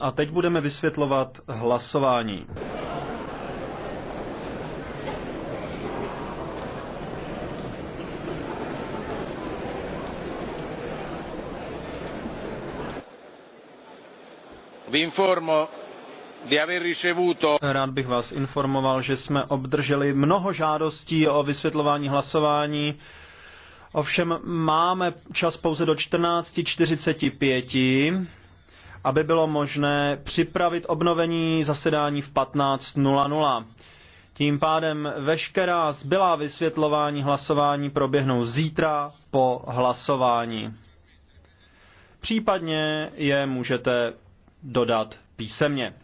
A teď budeme vysvětlovat hlasování. Rád bych vás informoval, že jsme obdrželi mnoho žádostí o vysvětlování hlasování. Ovšem máme čas pouze do 14.45, aby bylo možné připravit obnovení zasedání v 15.00. Tím pádem veškerá zbylá vysvětlování hlasování proběhnou zítra po hlasování. Případně je můžete dodat písemně.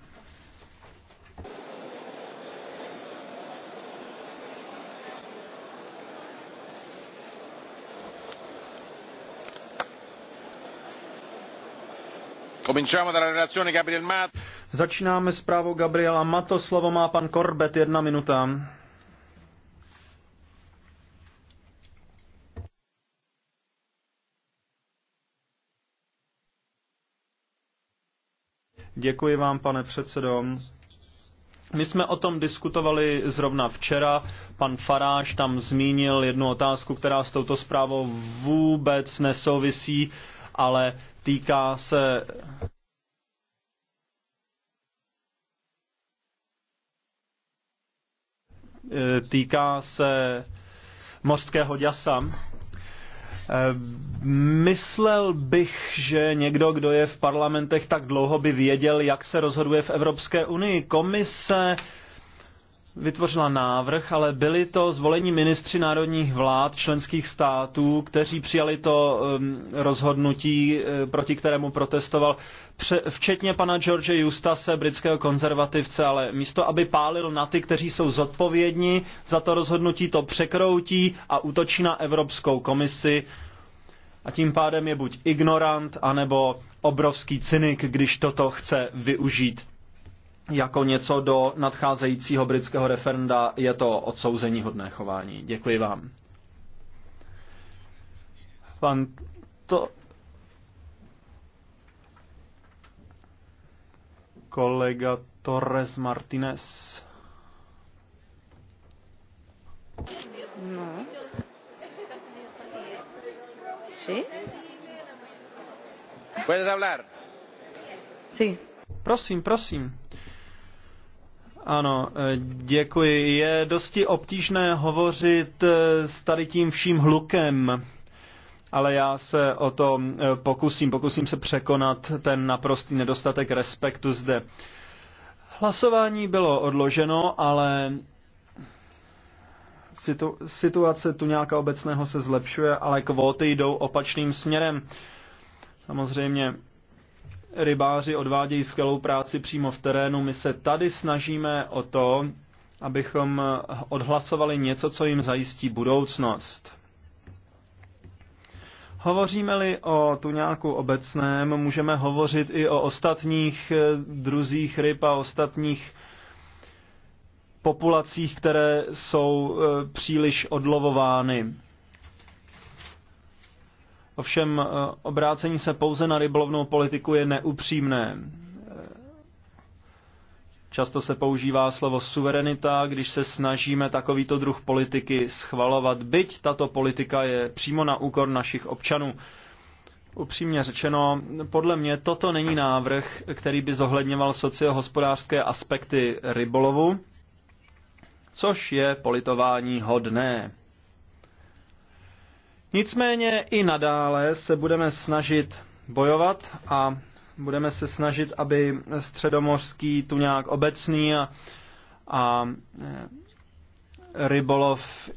Začínáme zprávou Gabriela Mato. Slovo má pan Korbet, jedna minuta. Děkuji vám, pane předsedo. My jsme o tom diskutovali zrovna včera. Pan Faráš tam zmínil jednu otázku, která s touto zprávou vůbec nesouvisí, ale Týká se e, týká se mořského děsa. E, myslel bych, že někdo, kdo je v parlamentech tak dlouho, by věděl, jak se rozhoduje v Evropské unii. Komise vytvořila návrh, ale byli to zvolení ministři národních vlád členských států, kteří přijali to um, rozhodnutí, eh, proti kterému protestoval, včetně pana George Justase, britského konzervativce, ale místo, aby pálil na ty, kteří jsou zodpovědní za to rozhodnutí, to překroutí a útočí na Evropskou komisi, a tím pádem je buď ignorant, anebo obrovský cynik, když toto chce využít jako něco do nadcházejícího britského referenda je to odsouzení hodné chování. Děkuji vám. Pan to... Kolega Torres Martinez. No. ¿Sí? ¿Puedes hablar? Sí. Prosím, prosím. Ano, eh, děkuji. Je dosti obtížné hovořit eh, s tady tím vším hlukem, ale já se o to eh, pokusím. Pokusím se překonat ten naprostý nedostatek respektu zde. Hlasování bylo odloženo, ale situ, situace tu nějaká obecného se zlepšuje, ale kvóty jdou opačným směrem. Samozřejmě rybáři odvádějí skvělou práci přímo v terénu. My se tady snažíme o to, abychom odhlasovali něco, co jim zajistí budoucnost. Hovoříme-li o tu nějakou obecném, můžeme hovořit i o ostatních eh, druzích ryb a ostatních populacích, které jsou eh, příliš odlovovány. Ovšem eh, obrácení se pouze na rybolovnou politiku je neupřímné. Eh, často se používá slovo suverenita, když se snažíme takovýto druh politiky schvalovat, byť tato politika je přímo na úkor našich občanů. Upřímně řečeno, podle mě toto není návrh, který by zohledňoval sociohospodářské aspekty rybolovu, což je politování hodné. Nicméně i nadále se budeme snažit bojovat a budeme se snažit, aby středomořský tu nějak obecný a, a eh, rybolov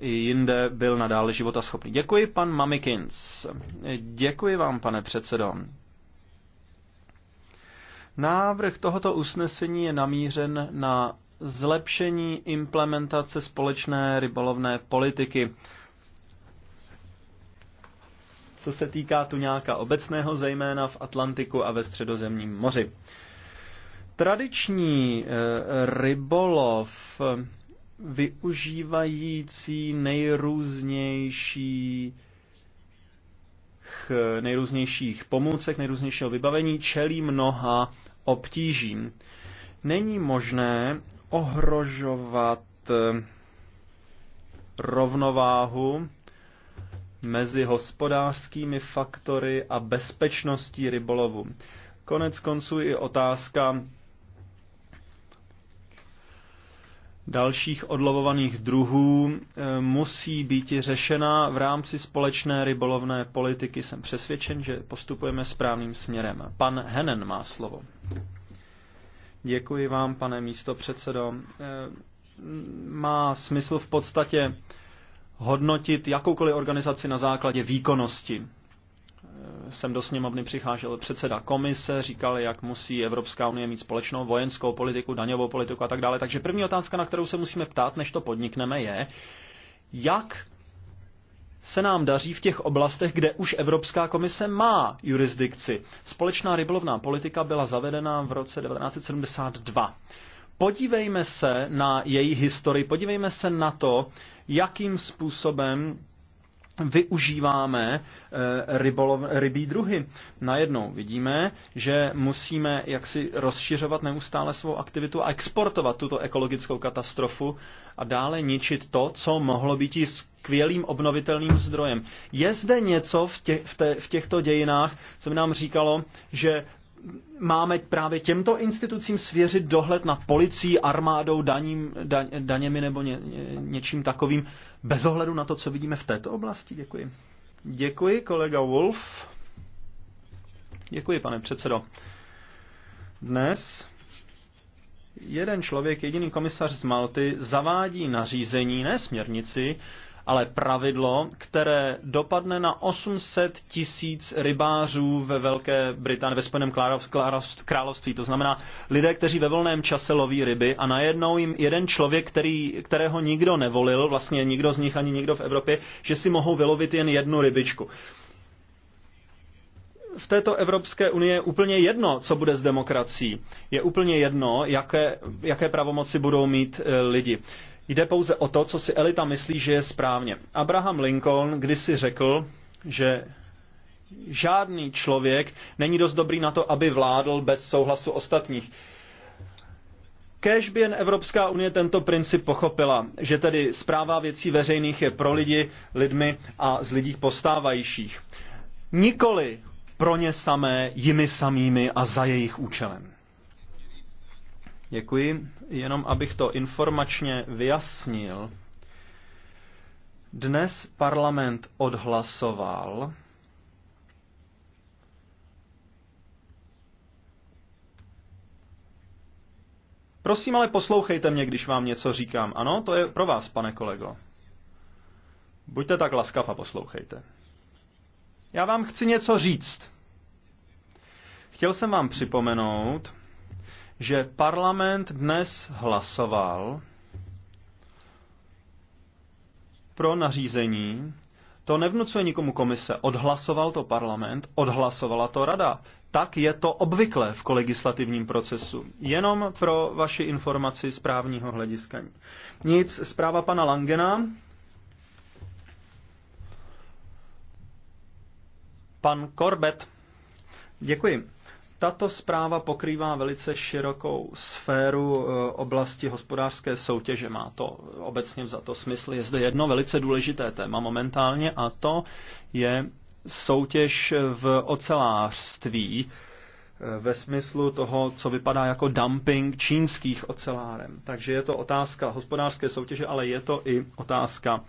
i jinde byl nadále životaschopný. Děkuji, pan Mamikins. Děkuji vám, pane předsedo. Návrh tohoto usnesení je namířen na zlepšení implementace společné rybolovné politiky co se týká tu nějaká obecného, zejména v Atlantiku a ve středozemním moři. Tradiční eh, rybolov eh, využívající nejrůznější nejrůznějších pomůcek, nejrůznějšího vybavení čelí mnoha obtížím. Není možné ohrožovat eh, rovnováhu mezi hospodářskými faktory a bezpečností rybolovu. Konec konců i otázka dalších odlovovaných druhů eh, musí být řešena v rámci společné rybolovné politiky. Jsem přesvědčen, že postupujeme správným směrem. Pan Henen má slovo. Děkuji vám, pane místo předsedo. Eh, má smysl v podstatě hodnotit jakoukoliv organizaci na základě výkonnosti. Eh, sem do sněmovny přicházel předseda komise, říkal, jak musí Evropská unie mít společnou vojenskou politiku, daňovou politiku a tak dále. Takže první otázka, na kterou se musíme ptát, než to podnikneme, je, jak se nám daří v těch oblastech, kde už Evropská komise má jurisdikci. Společná rybolovná politika byla zavedena v roce 1972. Podívejme se na její historii, podívejme se na to, jakým způsobem využíváme eh, rybolov, rybí druhy. Najednou vidíme, že musíme jaksi rozšiřovat neustále svou aktivitu a exportovat tuto ekologickou katastrofu a dále ničit to, co mohlo být i skvělým obnovitelným zdrojem. Je zde něco v, tě, v, te, v těchto dějinách, co by nám říkalo, že máme právě těmto institucím svěřit dohled nad policií, armádou, daním, da, daněmi nebo ně, něčím takovým, bez ohledu na to, co vidíme v této oblasti? Děkuji. Děkuji, kolega Wolf. Děkuji, pane předsedo. Dnes jeden člověk, jediný komisař z Malty, zavádí nařízení, ne směrnici, ale pravidlo, které dopadne na 800 tisíc rybářů ve Velké Británii, ve Spojeném království. To znamená lidé, kteří ve volném čase loví ryby a najednou jim jeden člověk, který, kterého nikdo nevolil, vlastně nikdo z nich ani nikdo v Evropě, že si mohou vylovit jen jednu rybičku v této Evropské unii je úplně jedno, co bude s demokracií. Je úplně jedno, jaké, jaké pravomoci budou mít eh, lidi. Jde pouze o to, co si elita myslí, že je správně. Abraham Lincoln kdysi řekl, že žádný člověk není dost dobrý na to, aby vládl bez souhlasu ostatních. Kéž by jen Evropská unie tento princip pochopila, že tedy zpráva věcí veřejných je pro lidi, lidmi a z lidí postávajících. Nikoli pro ně samé, jimi samými a za jejich účelem. Děkuji. Jenom abych to informačně vyjasnil. Dnes parlament odhlasoval Prosím, ale poslouchejte mě, když vám něco říkám. Ano, to je pro vás, pane kolego. Buďte tak laskav a poslouchejte. Já vám chci něco říct. Chtěl jsem vám připomenout, že parlament dnes hlasoval pro nařízení, to nevnucuje nikomu komise, odhlasoval to parlament, odhlasovala to rada. Tak je to obvykle v kolegislativním procesu. Jenom pro vaši informaci z právního hlediska. Nic, zpráva pana Langena. Pan Korbet. Děkuji. Tato zpráva pokrývá velice širokou sféru eh, oblasti hospodářské soutěže. Má to obecně za to smysl. Je zde jedno velice důležité téma momentálně a to je soutěž v ocelářství eh, ve smyslu toho, co vypadá jako dumping čínských oceláren. Takže je to otázka hospodářské soutěže, ale je to i otázka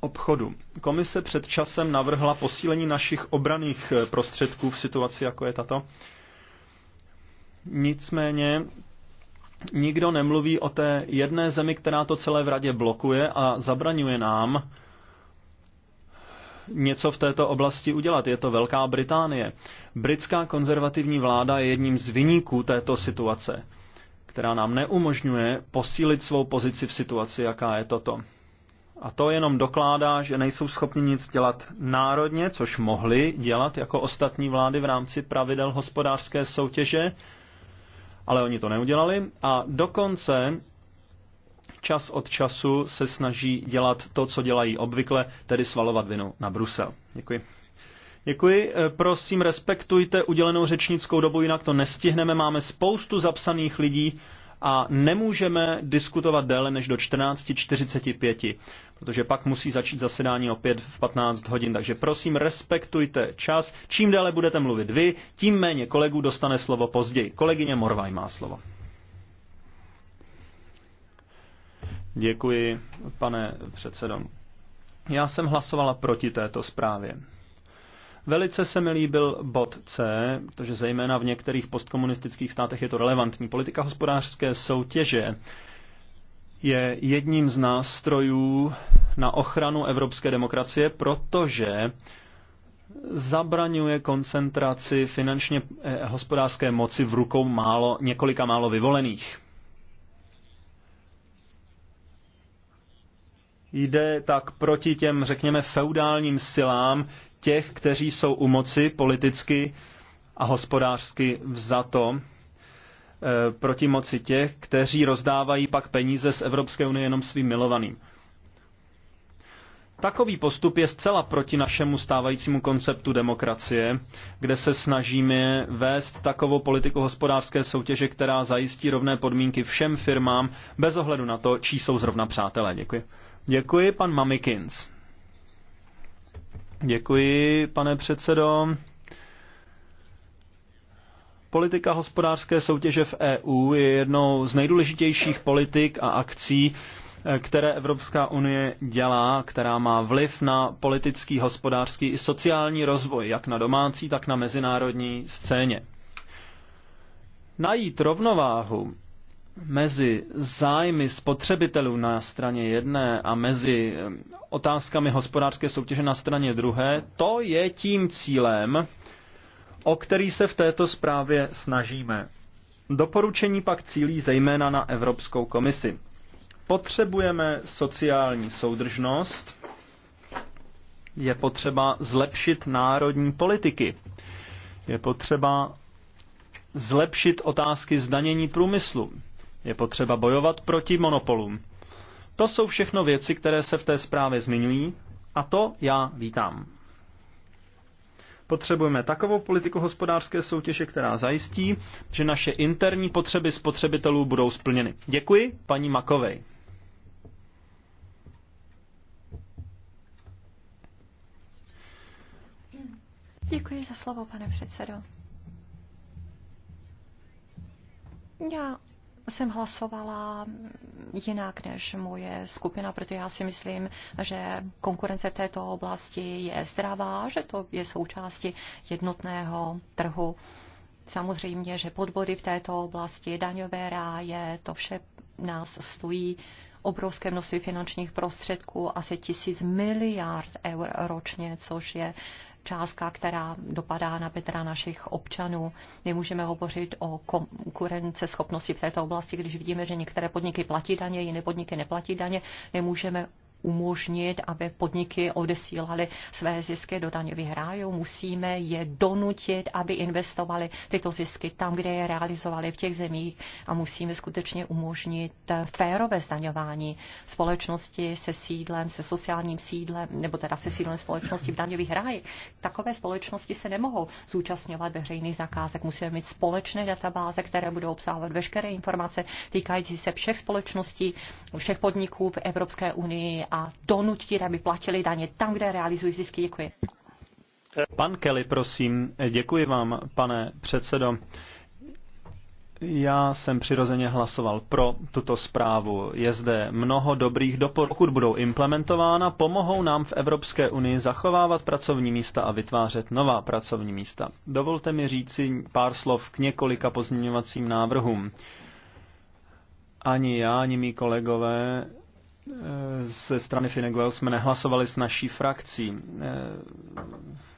obchodu. Komise před časem navrhla posílení našich obraných eh, prostředků v situaci, jako je tato. Nicméně nikdo nemluví o té jedné zemi, která to celé v radě blokuje a zabraňuje nám něco v této oblasti udělat. Je to Velká Británie. Britská konzervativní vláda je jedním z vyníků této situace, která nám neumožňuje posílit svou pozici v situaci, jaká je toto. A to jenom dokládá, že nejsou schopni nic dělat národně, což mohli dělat jako ostatní vlády v rámci pravidel hospodářské soutěže, ale oni to neudělali. A dokonce čas od času se snaží dělat to, co dělají obvykle, tedy svalovat vinu na Brusel. Děkuji. Děkuji. E, prosím, respektujte udělenou řečnickou dobu, jinak to nestihneme. Máme spoustu zapsaných lidí a nemůžeme diskutovat déle než do 14.45 protože pak musí začít zasedání opět v 15 hodin. Takže prosím, respektujte čas. Čím déle budete mluvit vy, tím méně kolegů dostane slovo později. Kolegyně Morvaj má slovo. Děkuji, pane předsedo. Já jsem hlasovala proti této zprávě. Velice se mi líbil bod C, protože zejména v některých postkomunistických státech je to relevantní. Politika hospodářské soutěže je jedním z nástrojů na ochranu evropské demokracie, protože zabraňuje koncentraci finančně eh, hospodářské moci v rukou málo, několika málo vyvolených. Jde tak proti těm, řekněme, feudálním silám těch, kteří jsou u moci politicky a hospodářsky vzato Eh, proti moci těch, kteří rozdávají pak peníze z Evropské unie jenom svým milovaným. Takový postup je zcela proti našemu stávajícímu konceptu demokracie, kde se snažíme vést takovou politiku hospodářské soutěže, která zajistí rovné podmínky všem firmám, bez ohledu na to, čí jsou zrovna přátelé. Děkuji. Děkuji, pan Mamikins. Děkuji, pane předsedo. Politika hospodářské soutěže v EU je jednou z nejdůležitějších politik a akcí, eh, které Evropská unie dělá, která má vliv na politický, hospodářský i sociální rozvoj, jak na domácí, tak na mezinárodní scéně. Najít rovnováhu mezi zájmy spotřebitelů na straně jedné a mezi eh, otázkami hospodářské soutěže na straně druhé, to je tím cílem, o který se v této zprávě snažíme. Doporučení pak cílí zejména na Evropskou komisi. Potřebujeme sociální soudržnost, je potřeba zlepšit národní politiky, je potřeba zlepšit otázky zdanění průmyslu, je potřeba bojovat proti monopolům. To jsou všechno věci, které se v té zprávě zmiňují a to já vítám. Potřebujeme takovou politiku hospodářské soutěže, která zajistí, že naše interní potřeby spotřebitelů budou splněny. Děkuji, paní Makovej. Děkuji za slovo, pane předsedo. Já jsem hlasovala jinak než moje skupina, protože já si myslím, že konkurence v této oblasti je zdravá, že to je součástí jednotného trhu. Samozřejmě, že podbody v této oblasti, daňové ráje, to vše nás stojí obrovské množství finančních prostředků, asi tisíc miliard eur ročně, což je částka, která dopadá na bedra našich občanů. Nemůžeme hovořit o konkurenceschopnosti v této oblasti, když vidíme, že některé podniky platí daně, jiné podniky neplatí daně. Nemůžeme umožnit, aby podniky odesílaly své zisky do daňových rájů. Musíme je donutit, aby investovali tyto zisky tam, kde je realizovali v těch zemích a musíme skutečně umožnit férové zdaňování společnosti se sídlem, se sociálním sídlem, nebo teda se sídlem společnosti v daňových rájích. Takové společnosti se nemohou zúčastňovat veřejných zakázek. Musíme mít společné databáze, které budou obsahovat veškeré informace týkající se všech společností, všech podniků v Evropské unii a donutit, aby platili daně tam, kde realizují zisky. Děkuji. Pan Kelly, prosím. Děkuji vám, pane předsedo. Já jsem přirozeně hlasoval pro tuto zprávu. Je zde mnoho dobrých doporučení. Pokud budou implementována, pomohou nám v Evropské unii zachovávat pracovní místa a vytvářet nová pracovní místa. Dovolte mi říci pár slov k několika pozměňovacím návrhům. Ani já, ani mý kolegové ze strany Finneguel jsme nehlasovali s naší frakcí.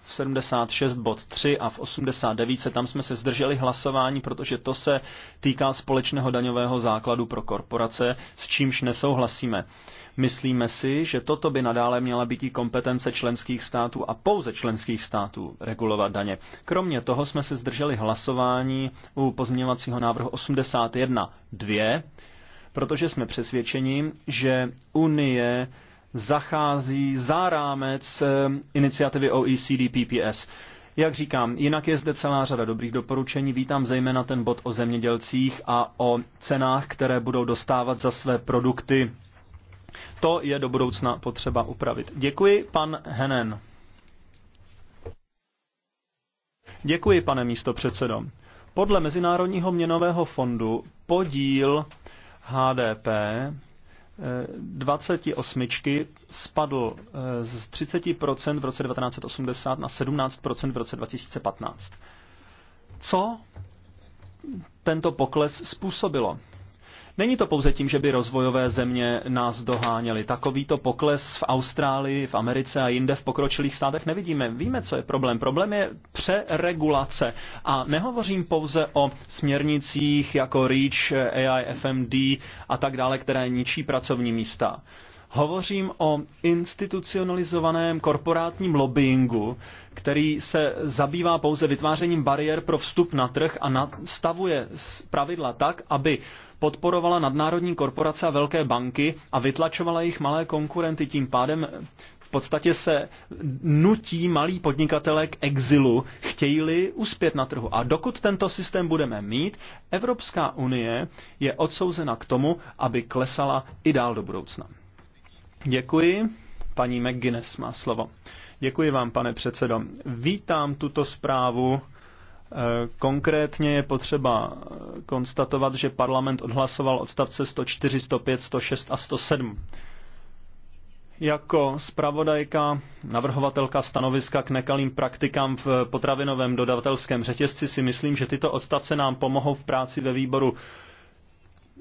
V 76 bod 3 a v 89 se tam jsme se zdrželi hlasování, protože to se týká společného daňového základu pro korporace, s čímž nesouhlasíme. Myslíme si, že toto by nadále měla být i kompetence členských států a pouze členských států regulovat daně. Kromě toho jsme se zdrželi hlasování u pozměňovacího návrhu 81 2, protože jsme přesvědčeni, že Unie zachází za rámec eh, iniciativy OECD PPS. Jak říkám, jinak je zde celá řada dobrých doporučení. Vítám zejména ten bod o zemědělcích a o cenách, které budou dostávat za své produkty. To je do budoucna potřeba upravit. Děkuji, pan Henen. Děkuji, pane místo předsedo. Podle Mezinárodního měnového fondu podíl HDP 28 eh, spadl eh, z 30% v roce 1980 na 17% v roce 2015. Co tento pokles způsobilo? Není to pouze tím, že by rozvojové země nás doháněly. Takovýto pokles v Austrálii, v Americe a jinde v pokročilých státech nevidíme. Víme, co je problém. Problém je přeregulace. A nehovořím pouze o směrnicích jako REACH, AIFMD a tak dále, které ničí pracovní místa. Hovořím o institucionalizovaném korporátním lobbyingu, který se zabývá pouze vytvářením bariér pro vstup na trh a nastavuje pravidla tak, aby podporovala nadnárodní korporace a velké banky a vytlačovala jejich malé konkurenty. Tím pádem v podstatě se nutí malí podnikatelé k exilu, chtějí-li uspět na trhu. A dokud tento systém budeme mít, Evropská unie je odsouzena k tomu, aby klesala i dál do budoucna. Děkuji. Paní McGuinness má slovo. Děkuji vám, pane předsedo. Vítám tuto zprávu. Eh, konkrétně je potřeba eh, konstatovat, že parlament odhlasoval odstavce 104, 105, 106 a 107. Jako zpravodajka, navrhovatelka stanoviska k nekalým praktikám v potravinovém dodavatelském řetězci si myslím, že tyto odstavce nám pomohou v práci ve výboru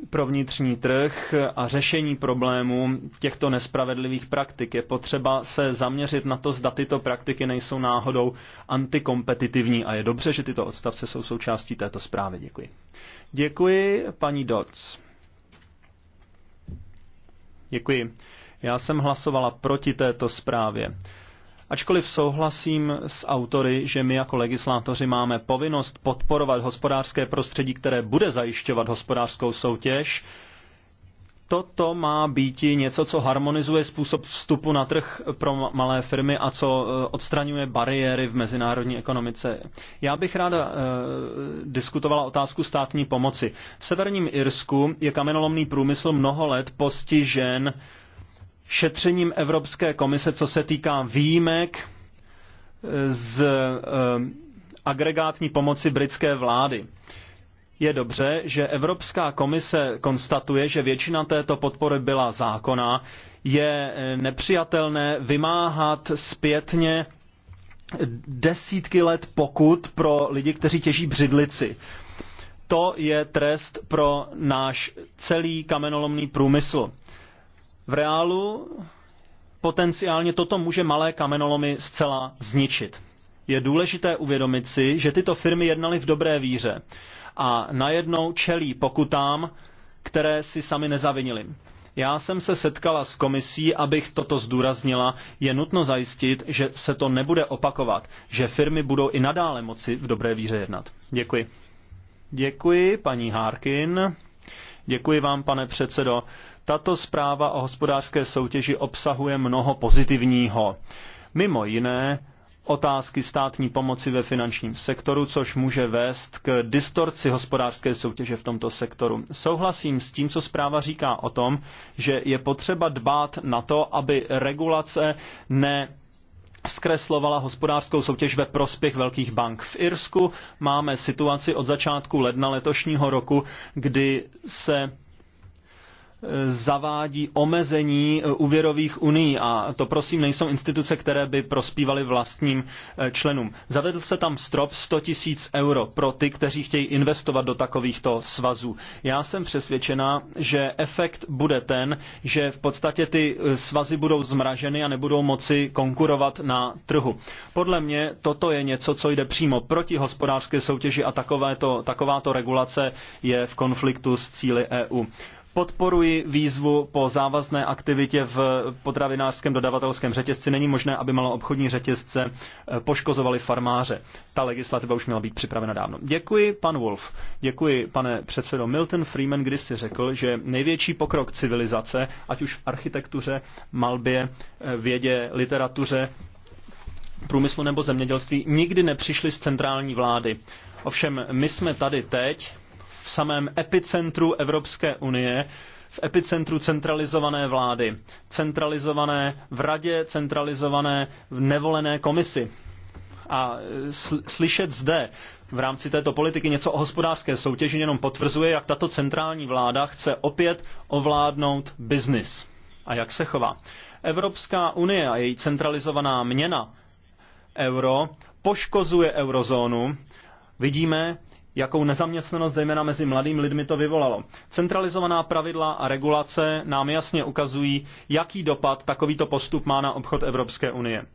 pro vnitřní trh a řešení problémů těchto nespravedlivých praktik. Je potřeba se zaměřit na to, zda tyto praktiky nejsou náhodou antikompetitivní a je dobře, že tyto odstavce jsou součástí této zprávy. Děkuji. Děkuji, paní Doc. Děkuji. Já jsem hlasovala proti této zprávě. Ačkoliv souhlasím s autory, že my jako legislátoři máme povinnost podporovat hospodářské prostředí, které bude zajišťovat hospodářskou soutěž, toto má být něco, co harmonizuje způsob vstupu na trh pro malé firmy a co e, odstraňuje bariéry v mezinárodní ekonomice. Já bych ráda eh, diskutovala otázku státní pomoci. V severním Irsku je kamenolomný průmysl mnoho let postižen eh, šetřením Evropské komise, co se týká výjimek e, z e, agregátní pomoci britské vlády. Je dobře, že Evropská komise konstatuje, že většina této podpory byla zákona. Je e, nepřijatelné vymáhat zpětně desítky let pokut pro lidi, kteří těží břidlici. To je trest pro náš celý kamenolomný průmysl. V reálu potenciálně toto může malé kamenolomy zcela zničit. Je důležité uvědomit si, že tyto firmy jednaly v dobré víře a najednou čelí pokutám, které si sami nezavinili. Já jsem se setkala s komisí, abych toto zdůraznila. Je nutno zajistit, že se to nebude opakovat, že firmy budou i nadále moci v dobré víře jednat. Děkuji. Děkuji, paní Harkin. Děkuji vám, pane předsedo. Tato zpráva o hospodářské soutěži obsahuje mnoho pozitivního. Mimo jiné otázky státní pomoci ve finančním sektoru, což může vést k distorci hospodářské soutěže v tomto sektoru. Souhlasím s tím, co zpráva říká o tom, že je potřeba dbát na to, aby regulace ne zkreslovala hospodářskou soutěž ve prospěch velkých bank. V Irsku máme situaci od začátku ledna letošního roku, kdy se zavádí omezení eh, úvěrových uní a to prosím nejsou instituce, které by prospívaly vlastním eh, členům. Zavedl se tam strop 100 tisíc euro pro ty, kteří chtějí investovat do takovýchto svazů. Já jsem přesvědčená, že efekt bude ten, že v podstatě ty eh, svazy budou zmraženy a nebudou moci konkurovat na trhu. Podle mě toto je něco, co jde přímo proti hospodářské soutěži a takovéto, takováto regulace je v konfliktu s cíly EU. Podporuji výzvu po závazné aktivitě v potravinářském dodavatelském řetězci. Není možné, aby obchodní řetězce eh, poškozovaly farmáře. Ta legislativa už měla být připravena dávno. Děkuji, pan Wolf. Děkuji, pane předsedo. Milton Freeman když si řekl, že největší pokrok civilizace, ať už v architektuře, malbě, eh, vědě, literatuře, průmyslu nebo zemědělství, nikdy nepřišly z centrální vlády. Ovšem, my jsme tady teď v samém epicentru Evropské unie, v epicentru centralizované vlády, centralizované v radě, centralizované v nevolené komisi. A e, slyšet zde v rámci této politiky něco o hospodářské soutěži jenom potvrzuje, jak tato centrální vláda chce opět ovládnout biznis a jak se chová. Evropská unie a její centralizovaná měna euro poškozuje eurozónu. Vidíme, jakou nezaměstnanost zejména mezi mladými lidmi to vyvolalo. Centralizovaná pravidla a regulace nám jasně ukazují, jaký dopad takovýto postup má na obchod Evropské unie.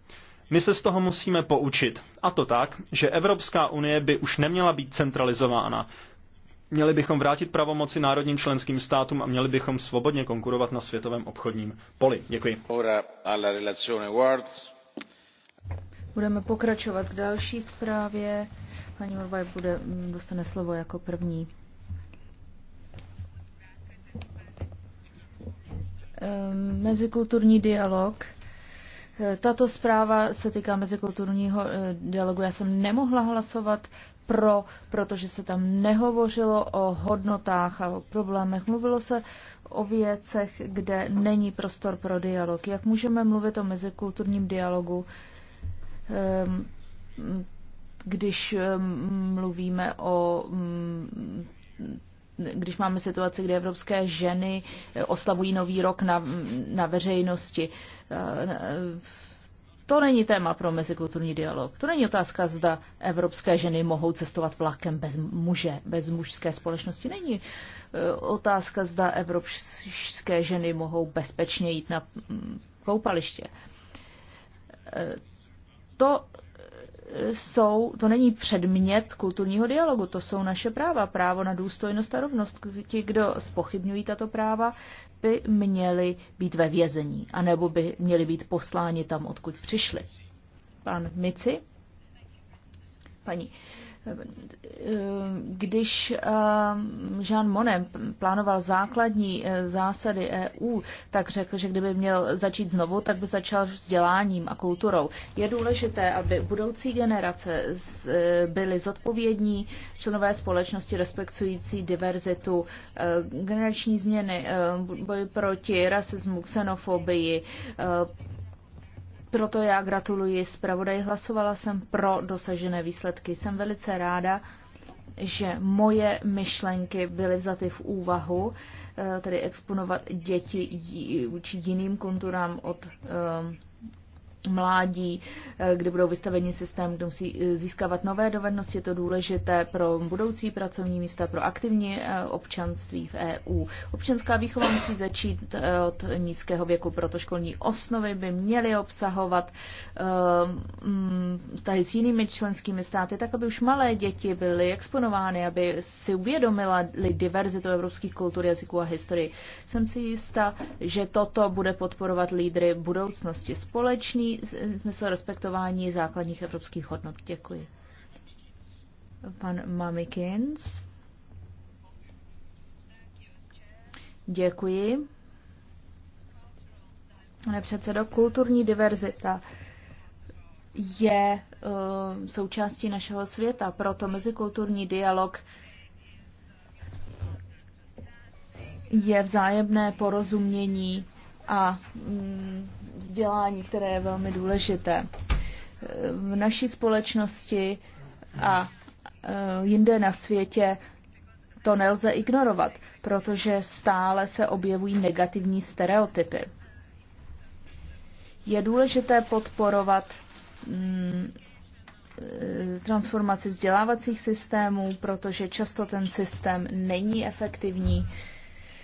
My se z toho musíme poučit. A to tak, že Evropská unie by už neměla být centralizována. Měli bychom vrátit pravomoci národním členským státům a měli bychom svobodně konkurovat na světovém obchodním poli. Děkuji. Ora alla Budeme pokračovat k další zprávě. Paní Morvaj bude, mm, dostane slovo jako první. Ehm, mezikulturní dialog. Eh, tato zpráva se týká mezikulturního eh, dialogu. Já jsem nemohla hlasovat pro, protože se tam nehovořilo o hodnotách a o problémech. Mluvilo se o věcech, kde není prostor pro dialog. Jak můžeme mluvit o mezikulturním dialogu, Ehm, když ehm, mluvíme o mm, když máme situaci, kde evropské ženy eh, oslavují nový rok na, na veřejnosti. Eh, eh, to není téma pro mezikulturní dialog. To není otázka, zda evropské ženy mohou cestovat vlakem bez muže, bez mužské společnosti. Není otázka, zda evropské ženy mohou bezpečně jít na mm, koupaliště to e, jsou, to není předmět kulturního dialogu, to jsou naše práva, právo na důstojnost a rovnost. Ti, kdo spochybňují tato práva, by měli být ve vězení, anebo by měli být posláni tam, odkud přišli. Pan Mici? Paní. Uh, když ehm, Jean Monnet plánoval základní eh, zásady EU, tak řekl, že kdyby měl začít znovu, tak by začal vzděláním a kulturou. Je důležité, aby budoucí generace eh, byly zodpovědní členové společnosti respektující diverzitu, eh, generační změny, boj proti rasismu, xenofobii, proto já gratuluji zpravodaji, hlasovala jsem pro dosažené výsledky. Jsem velice ráda, že moje myšlenky byly vzaty v úvahu, eh, tedy exponovat děti učit jiným kulturám od eh, mládí, eh, kdy budou vystaveni systém, kde musí eh, získávat nové dovednosti. Je to důležité pro budoucí pracovní místa, pro aktivní eh, občanství v EU. Občanská výchova musí začít od nízkého věku, proto školní osnovy by měly obsahovat mm, vztahy s jinými členskými státy, tak aby už malé děti byly exponovány, aby si uvědomila diverzitu evropských kultur, jazyků a historii. Jsem si jistá, že toto bude podporovat lídry budoucnosti. Společný smysl respektování základních evropských hodnot. Děkuji. Pan Mamikins. Děkuji. Pane předsedo, kulturní diverzita je uh, součástí našeho světa, proto mezikulturní dialog je vzájemné porozumění a mm, vzdělání, které je velmi důležité. Eh, v naší společnosti a eh, jinde na světě to nelze ignorovat, protože stále se objevují negativní stereotypy. Je důležité podporovat mm, eh, transformaci vzdělávacích systémů, protože často ten systém není efektivní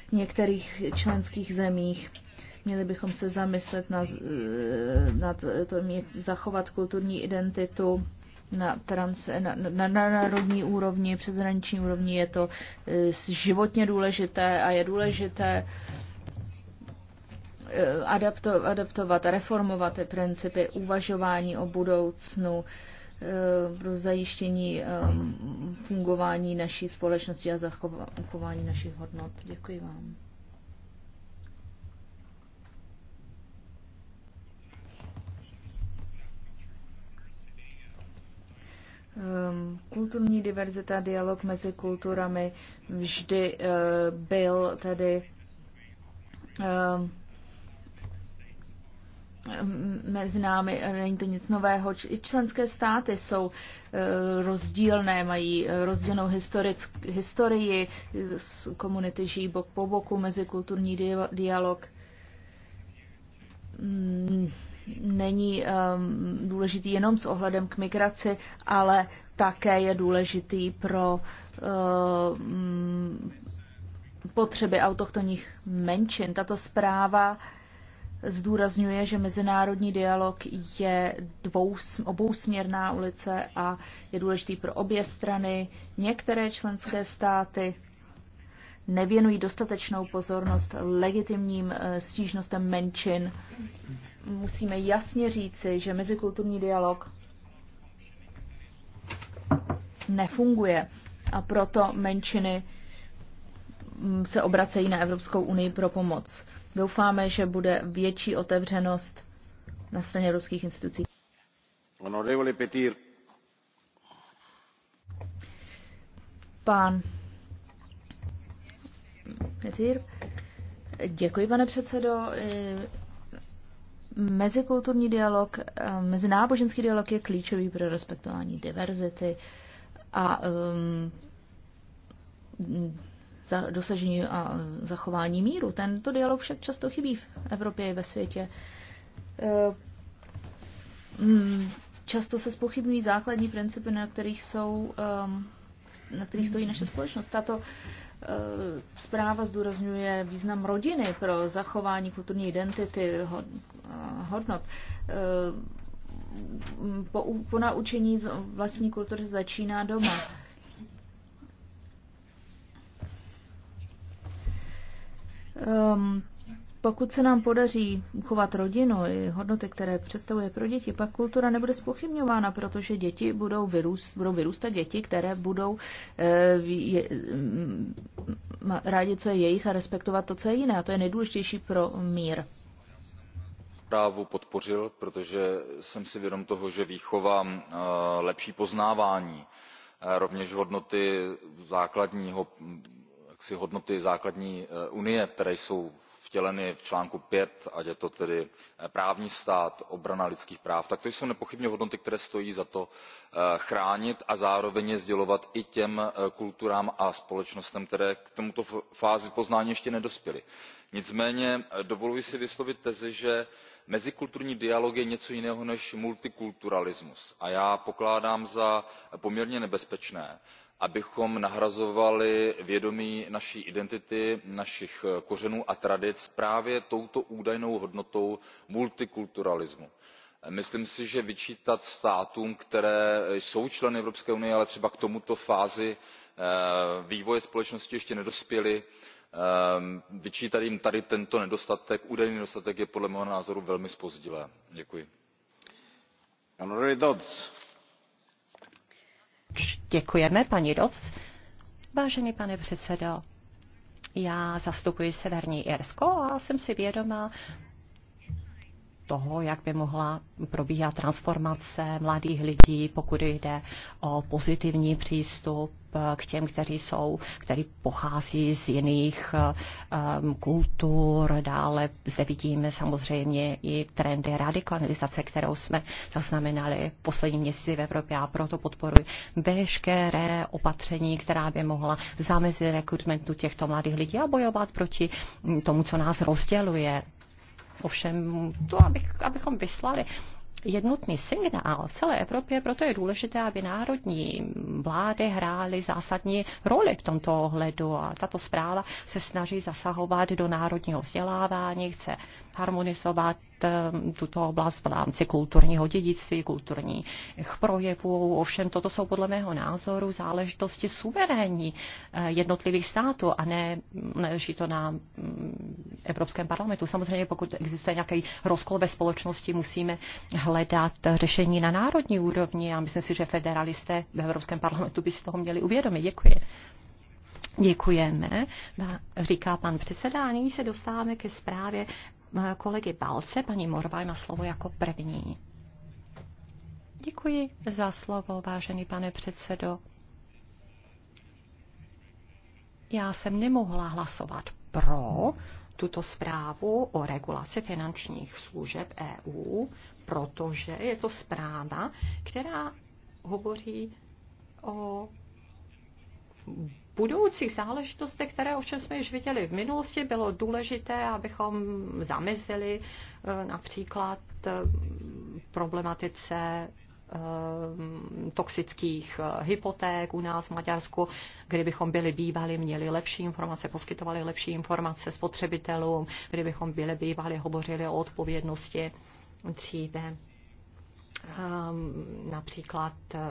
v některých členských zemích Měli bychom se zamyslet na nad eh, tom, jak zachovat kulturní identitu na, trans, na, na, na národní úrovni, přeshraniční úrovni. Je to eh, životně důležité a je důležité eh, adapto, adaptovat, reformovat ty principy uvažování o budoucnu pro zajištění fungování naší společnosti a zachování našich hodnot. Děkuji vám. Ehm, kulturní diverzita, dialog mezi kulturami vždy eh, byl tedy ehm, mezi námi, eh, není to nic nového. I členské státy jsou eh, rozdílné, mají rozdílnou historii, komunity žijí bok po boku, mezikulturní dialog hmm není um, důležitý jenom s ohledem k migraci, ale také je důležitý pro um, potřeby autochtonních menšin. Tato zpráva zdůrazňuje, že mezinárodní dialog je dvou, obousměrná ulice a je důležitý pro obě strany. Některé členské státy nevěnují dostatečnou pozornost legitimním eh, stížnostem menšin. Musíme jasně říci, že mezikulturní dialog nefunguje a proto menšiny mm, se obracejí na Evropskou unii pro pomoc. Doufáme, že bude větší otevřenost na straně evropských institucí. Pán Petýr. Děkuji, pane předsedo. Eh, mezikulturní dialog, eh, mezináboženský dialog je klíčový pro respektování diverzity a um, za dosažení a zachování míru. Tento dialog však často chybí v Evropě i ve světě. Um, často se spochybňují základní principy, na kterých jsou um, na kterých stojí naše společnost. Tato Eh, zpráva zdůrazňuje význam rodiny pro zachování kulturní identity, eh, hodnot. Eh, po, po naučení vlastní kultury začíná doma. Um, pokud se nám podaří uchovat rodinu i hodnoty, které představuje pro děti, pak kultura nebude spochybňována, protože děti budou, vyrůst, budou vyrůstat děti, které budou e, je, mm, rádi, co je jejich a respektovat to, co je jiné. A to je nejdůležitější pro mír. Právu podpořil, protože jsem si vědom toho, že výchova eh, lepší poznávání, eh, rovněž hodnoty základního mm, si hodnoty základní unie které jsou vtěleny v článku five ať je to tedy eh, právní stát obrana lidských práv tak to jsou nepochybně hodnoty které stojí za to eh, chránit a zároveň je sdělovat i těm eh, kulturám a společnostem které k této fázi poznání ještě nedospěly. nicméně dovoluji si vyslovit tezi že mezikulturní dialog je něco jiného než multikulturalismus a já pokládám za poměrně nebezpečné abychom nahrazovali vědomí naší identity našich eh, kořenů a tradic právě touto údajnou hodnotou multikulturalismu. Eh, myslím si že vyčítat státům které eh, jsou členy evropské unie ale třeba k této fázi vývoje společnosti ještě nedospěly vyčítat jim tady tento nedostatek údajný nedostatek je podle mého názoru velmi zpozdilé. děkuji. Děkujeme, paní Doc. Vážený pane předsedo, já zastupuji Severní Irsko a jsem si vědoma toho, jak by mohla probíhat transformace mladých lidí, pokud jde o pozitivní přístup eh, k těm, kteří jsou, který pochází z jiných um, kultur. Dále zde vidíme samozřejmě i trendy radikalizace, kterou jsme zaznamenali v poslední měsíci v Evropě a proto podporuji veškeré opatření, která by mohla zamezit rekrutmentu těchto mladých lidí a bojovat proti hm, tomu, co nás rozděluje Ovšem to, abych, abychom vyslali jednotný signál v celé Evropě, proto je důležité, aby národní vlády hrály zásadní roli v tomto ohledu a tato zpráva se snaží zasahovat do národního vzdělávání, chce harmonizovat Eh, tuto oblast v rámci kulturního dědictví, kulturních projevů. Ovšem toto jsou podle mého názoru záležitosti suverénní eh, jednotlivých států a ne neží to na mm, Evropském parlamentu. Samozřejmě pokud existuje nějaký rozkol ve společnosti, musíme hledat řešení na národní úrovni a myslím si, že federalisté v Evropském parlamentu by si toho měli uvědomit. Děkuji. Děkujeme, říká pan předseda. A nyní se dostáváme ke zprávě kolegy Balce. Paní Morvá má slovo jako první. Děkuji za slovo, vážený pane předsedo. Já jsem nemohla hlasovat pro tuto zprávu o regulaci finančních služeb EU, protože je to zpráva, která hovoří o budoucích záležitostech, které čem jsme již viděli v minulosti, bylo důležité, abychom zamezili eh, například eh, problematice eh, toxických hypoték u nás v Maďarsku, kdybychom byli bývali, měli lepší informace, poskytovali lepší informace spotřebitelům, kdybychom byli bývali, hovořili o odpovědnosti dříve. Ehm, například ehm,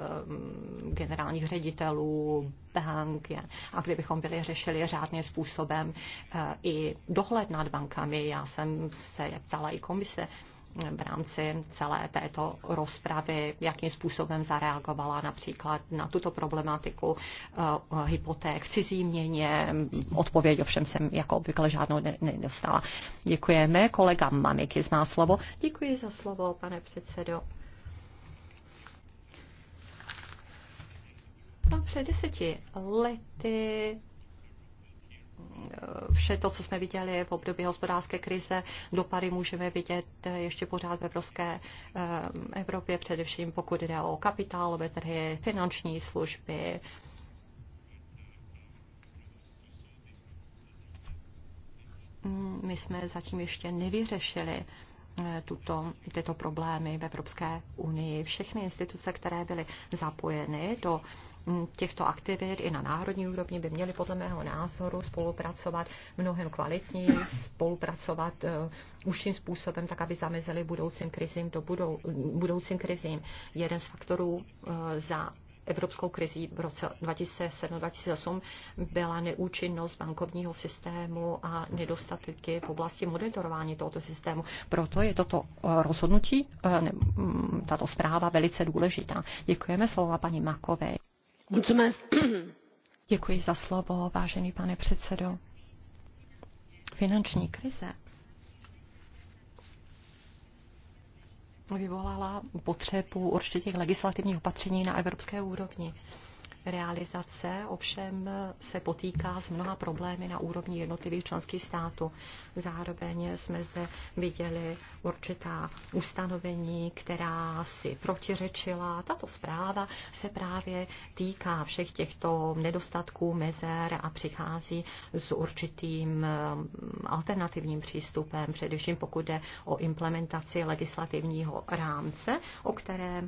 generálních ředitelů bank a kdybychom byli řešili řádným způsobem eh, i dohled nad bankami. Já jsem se ptala i komise, ehm, v rámci celé této rozpravy, jakým způsobem zareagovala například na tuto problematiku eh, hypoték v cizí měně. Odpověď ovšem jsem jako obvykle žádnou nedostala. Děkujeme. Kolega Mamikis má slovo. Děkuji za slovo, pane předsedo. před deseti lety eh, vše to, co jsme viděli v období hospodářské krize, dopady můžeme vidět ještě pořád v evropské eh, Evropě, především pokud jde o kapitálové trhy, finanční služby. Mm, my jsme zatím ještě nevyřešili eh, tuto, tyto problémy v Evropské unii. Všechny instituce, které byly zapojeny do uh, těchto aktivit i na národní úrovni by měly podle mého názoru spolupracovat mnohem kvalitněji, spolupracovat uh, užším způsobem, tak aby zamezili budoucím krizím, do budou, budoucím krizím. Jeden z faktorů uh, za evropskou krizí v roce 2007-2008 byla neúčinnost bankovního systému a nedostatky v oblasti monitorování tohoto systému. Proto je toto e, rozhodnutí, tato zpráva velice důležitá. Děkujeme slova paní Makové. Děkuji za slovo, vážený pane předsedo. Finanční krize vyvolala potřebu určitých legislativních opatření na evropské úrovni realizace ovšem se potýká s mnoha problémy na úrovni jednotlivých členských států. Zároveň jsme zde viděli určitá ustanovení, která si protiřečila. Tato zpráva se právě týká všech těchto nedostatků, mezer a přichází s určitým um, alternativním přístupem, především pokud jde o implementaci legislativního rámce, o kterém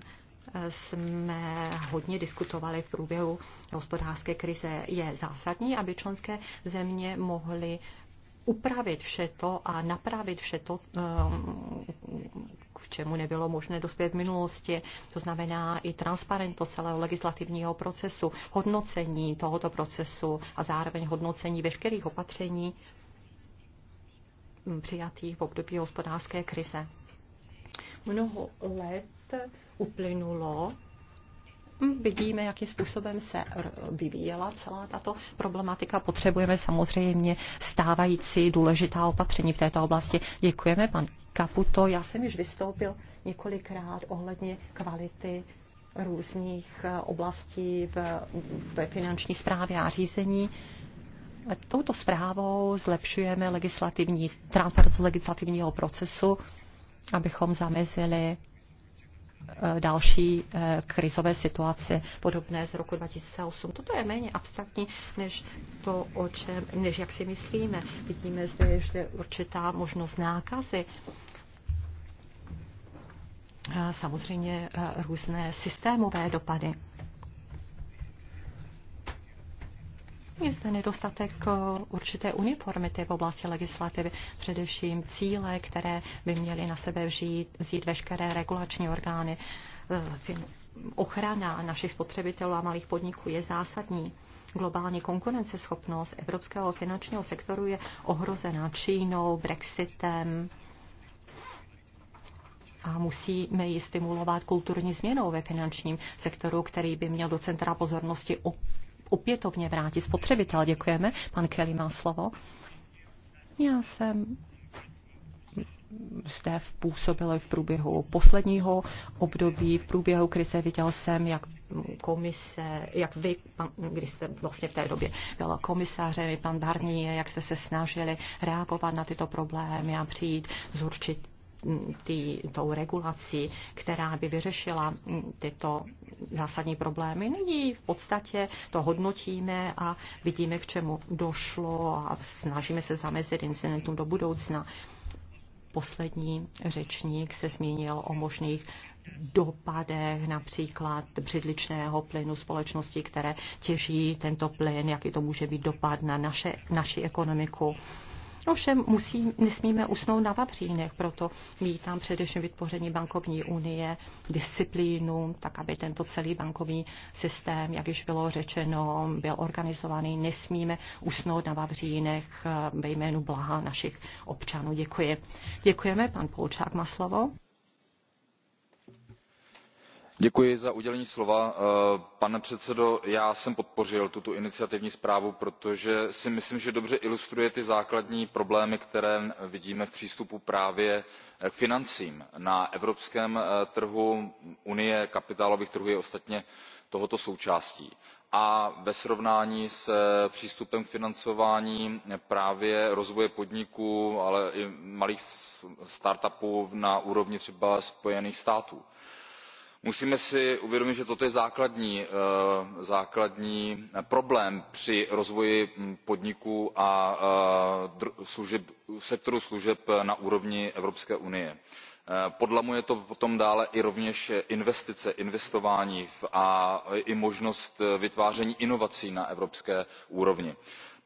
jsme hodně diskutovali v průběhu hospodářské krize, je zásadní, aby členské země mohly upravit vše to a napravit vše to, k čemu nebylo možné dospět v minulosti. To znamená i transparentnost celého legislativního procesu, hodnocení tohoto procesu a zároveň hodnocení veškerých opatření přijatých v období hospodářské krize. Mnoho let uplynulo hm, vidíme, jakým způsobem se vyvíjela celá tato problematika. Potřebujeme samozřejmě stávající důležitá opatření v této oblasti. Děkujeme, pan Kaputo. Já jsem již vystoupil několikrát ohledně kvality různých eh, oblastí v, ve finanční správě a řízení. Touto zprávou zlepšujeme legislativní, transparentnost legislativního procesu abychom zamezili eh, další eh, krizové situaci podobné z roku 2008. Toto je méně abstraktní, než to, o čem, než jak si myslíme. Vidíme zde ještě určitá možnost nákazy. Eh, samozřejmě různé systémové dopady. Je zde nedostatek eh, určité uniformity v oblasti legislativy, především cíle, které by měly na sebe vžít, vzít veškeré regulační orgány. Eh, ochrana našich spotřebitelů a malých podniků je zásadní. Globální konkurenceschopnost evropského finančního sektoru je ohrozená Čínou, Brexitem, a musíme ji stimulovat kulturní změnou ve finančním sektoru, který by měl do centra pozornosti opětovně vrátí spotřebitel. Děkujeme. Pan Kelly má slovo. Já jsem zde působili v průběhu posledního období, v průběhu krize. Viděl jsem, jak komise, jak vy, pan, když jste vlastně v té době byla komisářem, i pan Barnier, jak jste se snažili reagovat na tyto problémy a přijít s určitým tý, tou regulací, která by vyřešila tyto zásadní problémy. Nyní no v podstatě to hodnotíme a vidíme, k čemu došlo a snažíme se zamezit incidentům do budoucna. Poslední řečník se zmínil o možných dopadech například břidličného plynu společnosti, které těží tento plyn, jaký to může být dopad na naše, naši ekonomiku. Ovšem musí, nesmíme usnout na vavřínech, proto vítám především vytvoření bankovní unie, disciplínu, tak aby tento celý bankovní systém, jak již bylo řečeno, byl organizovaný. Nesmíme usnout na vavřínech eh, ve jménu blaha našich občanů. Děkuji. Děkujeme, pan Polčák má slovo. Eh, pane předsedající já jsem podpořil tuto iniciativní zprávu protože si myslím že dobře ilustruje ty základní problémy které vidíme v přístupu právě eh, k financím na evropském eh, trhu unie kapitálových trhů je ostatně tohoto součástí a ve srovnání s přístupem k financování právě rozvoje podniků ale i malých start upů na úrovni třeba spojených států musíme si uvědomit že toto je základní eh, problém při rozvoji hm, podniků a eh, sektoru služeb na úrovni evropské unie. Eh, podlamuje to potom dále rovněž investice investování a i možnost vytváření inovací na evropské úrovni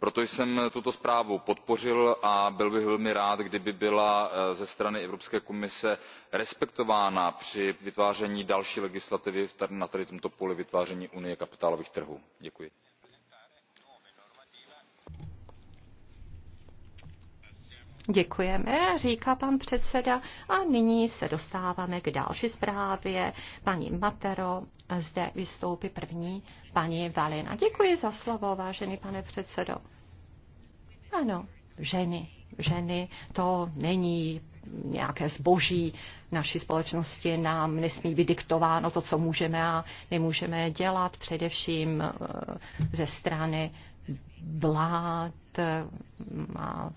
proto jsem eh, tuto zprávu podpořil a byl bych velmi rád kdyby byla eh, ze strany evropské komise respektována při vytváření další legislativy na tomto poli vytváření unie kapitálových trhů. děkuji. Děkujeme, říká pan předseda. A nyní se dostáváme k další zprávě. Paní Matero, zde vystoupí první paní Valina. Děkuji za slovo, vážený pane předsedo. Ano, ženy. Ženy to není nějaké zboží naší společnosti, nám nesmí být diktováno to, co můžeme a nemůžeme dělat, především eh, ze strany vlád eh, a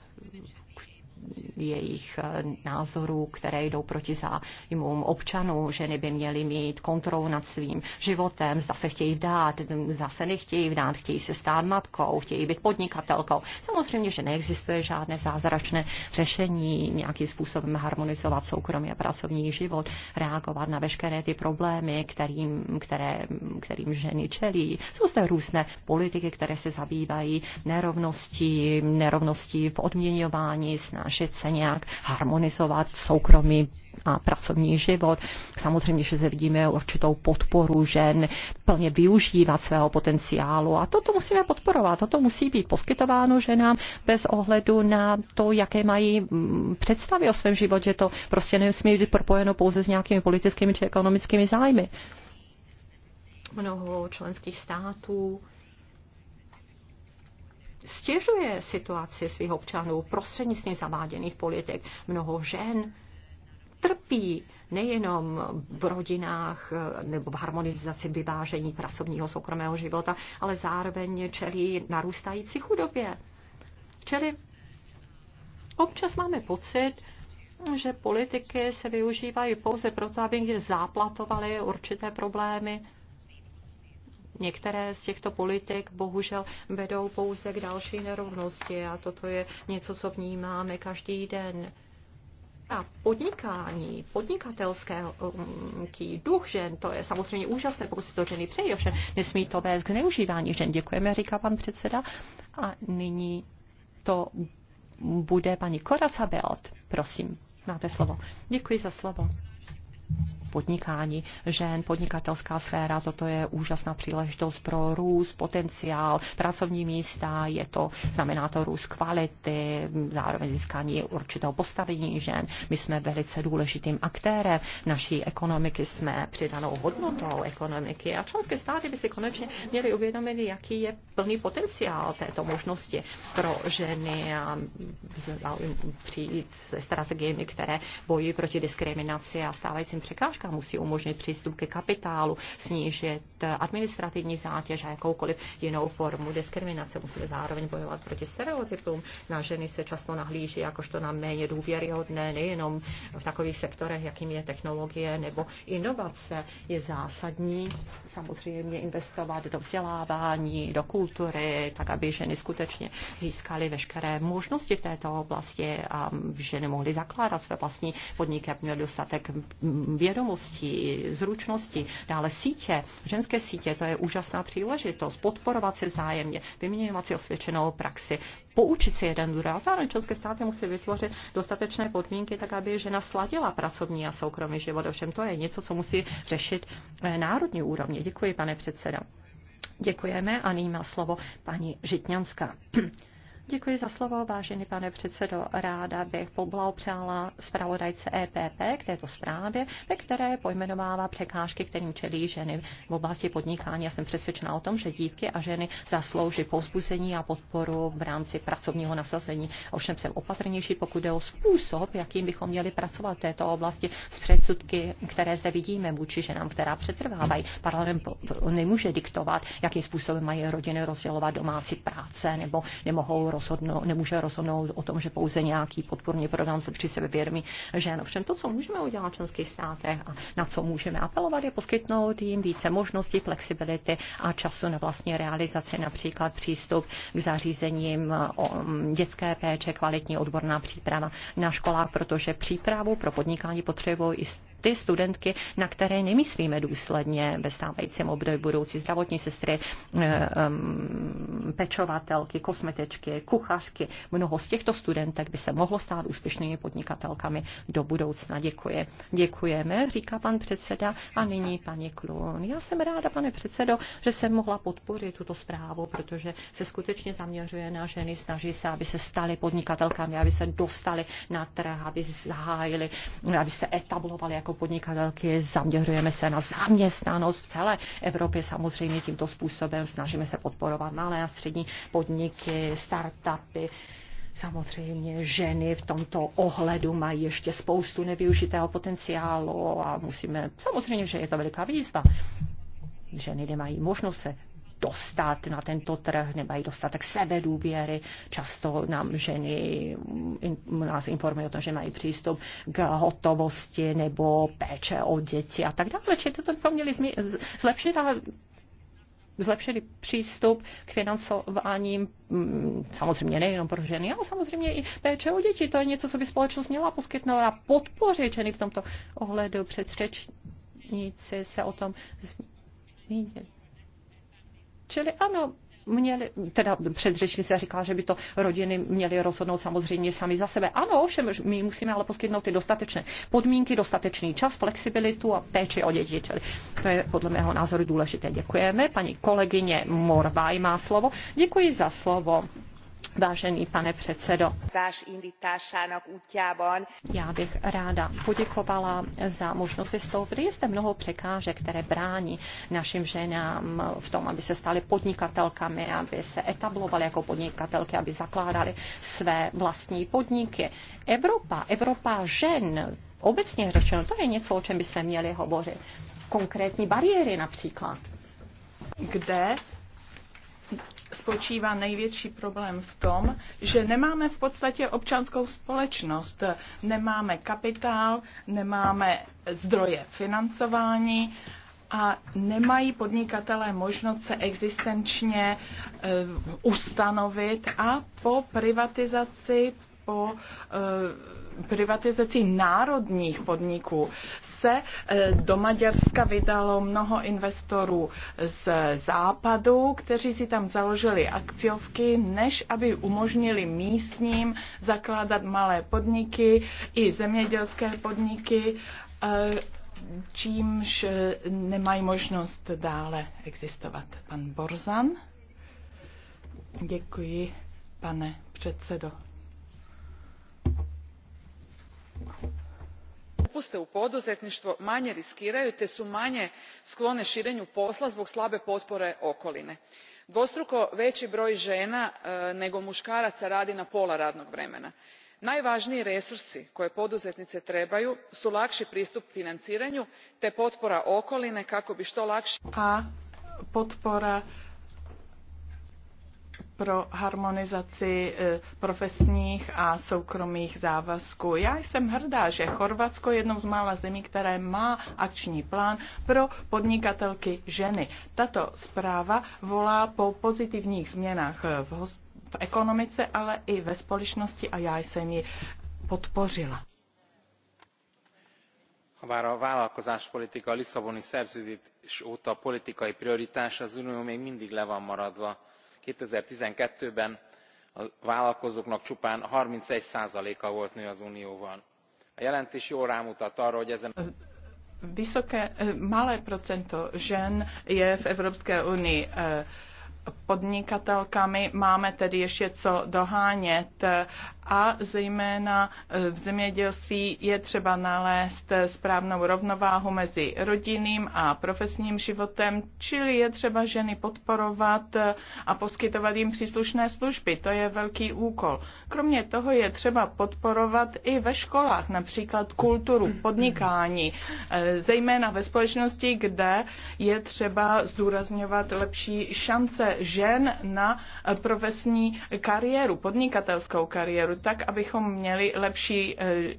jejich eh, názorů, které jdou proti zájmům občanů. Ženy by měly mít kontrolu nad svým životem, zda se chtějí vdát, zda se nechtějí vdát, chtějí se stát matkou, chtějí být podnikatelkou. Samozřejmě, že neexistuje žádné zázračné řešení, nějakým způsobem harmonizovat soukromý a pracovní život, reagovat na veškeré ty problémy, kterým, které, kterým ženy čelí. Jsou zde různé politiky, které se zabývají nerovností, nerovností v odměňování, snad snažit se nějak harmonizovat soukromý a pracovní život. Samozřejmě, že zde vidíme určitou podporu žen, plně využívat svého potenciálu a toto musíme podporovat. Toto musí být poskytováno ženám bez ohledu na to, jaké mají mm, představy o svém životě. To prostě nesmí být propojeno pouze s nějakými politickými či ekonomickými zájmy. Mnoho členských států stěžuje situaci svých občanů prostřednictvím zaváděných politik. Mnoho žen trpí nejenom v rodinách eh, nebo v harmonizaci vyvážení pracovního soukromého života, ale zároveň čelí narůstající chudobě. Čili občas máme pocit, že politiky se využívají pouze proto, aby záplatovaly určité problémy Některé z těchto politik bohužel vedou pouze k další nerovnosti a toto je něco, co vnímáme každý den. A podnikání, podnikatelský um, duch žen, to je samozřejmě úžasné, pokud si to ženy přejí, ovšem nesmí to vést k zneužívání žen. Děkujeme, říká pan předseda. A nyní to bude paní Koraca Belt. Prosím, máte slovo. Děkuji za slovo podnikání žen, podnikatelská sféra, toto je úžasná příležitost pro růst, potenciál, pracovní místa, je to, znamená to růst kvality, zároveň získání určitého postavení žen. My jsme velice důležitým aktérem naší ekonomiky, jsme přidanou hodnotou ekonomiky a členské státy by si konečně měly uvědomit, jaký je plný potenciál této možnosti pro ženy a přijít se strategiemi, které bojují proti diskriminaci a stávajícím překážkám zkrátka musí umožnit přístup ke kapitálu, snížit administrativní zátěž a jakoukoliv jinou formu diskriminace. Musíme zároveň bojovat proti stereotypům. Na ženy se často nahlíží jakožto na méně důvěryhodné, nejenom v takových sektorech, jakým je technologie nebo inovace. Je zásadní samozřejmě investovat do vzdělávání, do kultury, tak aby ženy skutečně získaly veškeré možnosti v této oblasti a ženy mohly zakládat své vlastní podniky, aby měly dostatek vědomí vědomosti, zručnosti, dále sítě, ženské sítě, to je úžasná příležitost, podporovat se vzájemně, vyměňovat si osvědčenou praxi, poučit si jeden druhý. A zároveň členské státy musí vytvořit dostatečné podmínky, tak aby žena sladila pracovní a soukromý život. Ovšem to je něco, co musí řešit eh, národní úrovně. Děkuji, pane předsedo. Děkujeme a nyní má slovo paní Žitňanská. Děkuji za slovo, vážený pane předsedo. Ráda bych poblahopřála zpravodajce EPP k této zprávě, ve které pojmenovává překážky, kterým čelí ženy v oblasti podnikání. Já jsem přesvědčena o tom, že dívky a ženy zaslouží povzbuzení a podporu v rámci pracovního nasazení. Ovšem jsem opatrnější, pokud jde o způsob, jakým bychom měli pracovat v této oblasti s předsudky, které zde vidíme vůči ženám, která přetrvávají. Parlament nemůže diktovat, jakým způsobem mají rodiny rozdělovat domácí práce nebo nemohou rozhodnout, nemůže rozhodnout o tom, že pouze nějaký podporný program se zlepší sebevědomí žen. Všem to, co můžeme udělat v členských státech a na co můžeme apelovat, je poskytnout jim více možností, flexibility a času na vlastní realizaci, například přístup k zařízením dětské péče, kvalitní odborná příprava na školách, protože přípravu pro podnikání potřebují i ty studentky, na které nemyslíme důsledně ve stávajícím období budoucí zdravotní sestry, eh, pečovatelky, kosmetečky, kuchařky. Mnoho z těchto studentek by se mohlo stát úspěšnými podnikatelkami do budoucna. Děkuji. Děkujeme, říká pan předseda a nyní paní Klun. Já jsem ráda, pane předsedo, že jsem mohla podpořit tuto zprávu, protože se skutečně zaměřuje na ženy, snaží se, aby se staly podnikatelkami, aby se dostali na trh, aby zahájili, aby se etablovali jako jako podnikatelky, zaměřujeme se na zaměstnanost v celé Evropě samozřejmě tímto způsobem. Snažíme se podporovat malé a střední podniky, startupy. Samozřejmě ženy v tomto ohledu mají ještě spoustu nevyužitého potenciálu a musíme, samozřejmě, že je to veliká výzva ženy nemají možnost se dostat na tento trh, nemají dostatek sebedůvěry. Často nám ženy nás informují o tom, že mají přístup k hotovosti nebo péče o děti a tak dále. Čili to bychom měli zlepšit, ale zlepšili přístup k financování mm, samozřejmě nejenom pro ženy, ale samozřejmě i péče o děti. To je něco, co by společnost měla poskytnout a podpořit ženy v tomto ohledu. Předřečníci se o tom zmínili. Čili ano, měli, teda předřečnice říká, že by to rodiny měly rozhodnout samozřejmě sami za sebe. Ano, ovšem, my musíme ale poskytnout ty dostatečné podmínky, dostatečný čas, flexibilitu a péči o děti. Čili to je podle mého názoru důležité. Děkujeme. Paní kolegyně Morvaj má slovo. Děkuji za slovo. Vážený pane předsedo, já bych ráda poděkovala za možnost vystoupit. Je zde mnoho překážek, které brání našim ženám v tom, aby se staly podnikatelkami, aby se etablovaly jako podnikatelky, aby zakládaly své vlastní podniky. Evropa, Evropa žen, obecně řečeno, to je něco, o čem bychom měli hovořit. Konkrétní bariéry například. Kde spočívá největší problém v tom, že nemáme v podstatě občanskou společnost. Nemáme kapitál, nemáme zdroje financování a nemají podnikatelé možnost se existenčně eh, ustanovit a po privatizaci po eh, privatizaci národních podniků se eh, do Maďarska vydalo mnoho investorů z západu, kteří si tam založili akciovky, než aby umožnili místním zakládat malé podniky i zemědělské podniky eh, čímž eh, nemají možnost dále existovat. Pan Borzan. Děkuji, pane předsedo upuste u poduzetnitvo manje riskiraju te su manje sklone irenju posla zbog slabe potpore okoline. dvostruko vei broj ena e, nego mukaraca radi na pola radnog vremena. najvaniji resursi koje poduzetnice trebaju su laki pristup financiranju te potpora okoline kako bi to lake pro harmonizaci e, profesních a soukromých závazků. Já jsem hrdá, že Chorvatsko je jednou z mála zemí, které má akční plán pro podnikatelky ženy. Tato zpráva volá po pozitivních změnách v, v ekonomice, ale i ve společnosti a já jsem ji podpořila. Habár a politika a Lisszaboni szerződés óta politikai prioritás, az Unió még mindig le van maradva two thousand and twelve ben a vállalkozóknak csupán thirty one a volt nő az unióban. a jelentés jól rámutat arra hogy ezen Vysoké, malé procento žen je v Evropské unii eh, podnikatelkami máme tedy ještě co dohánět a zejména eh, v zemědělství je třeba nalézt správnou rovnováhu mezi rodinným a profesním životem, čili je třeba ženy podporovat eh, a poskytovat jim příslušné služby. To je velký úkol. Kromě toho je třeba podporovat i ve školách, například kulturu, podnikání, eh, zejména ve společnosti, kde je třeba zdůrazňovat lepší šance žen na profesní kariéru, podnikatelskou kariéru, tak, abychom měli lepší eh,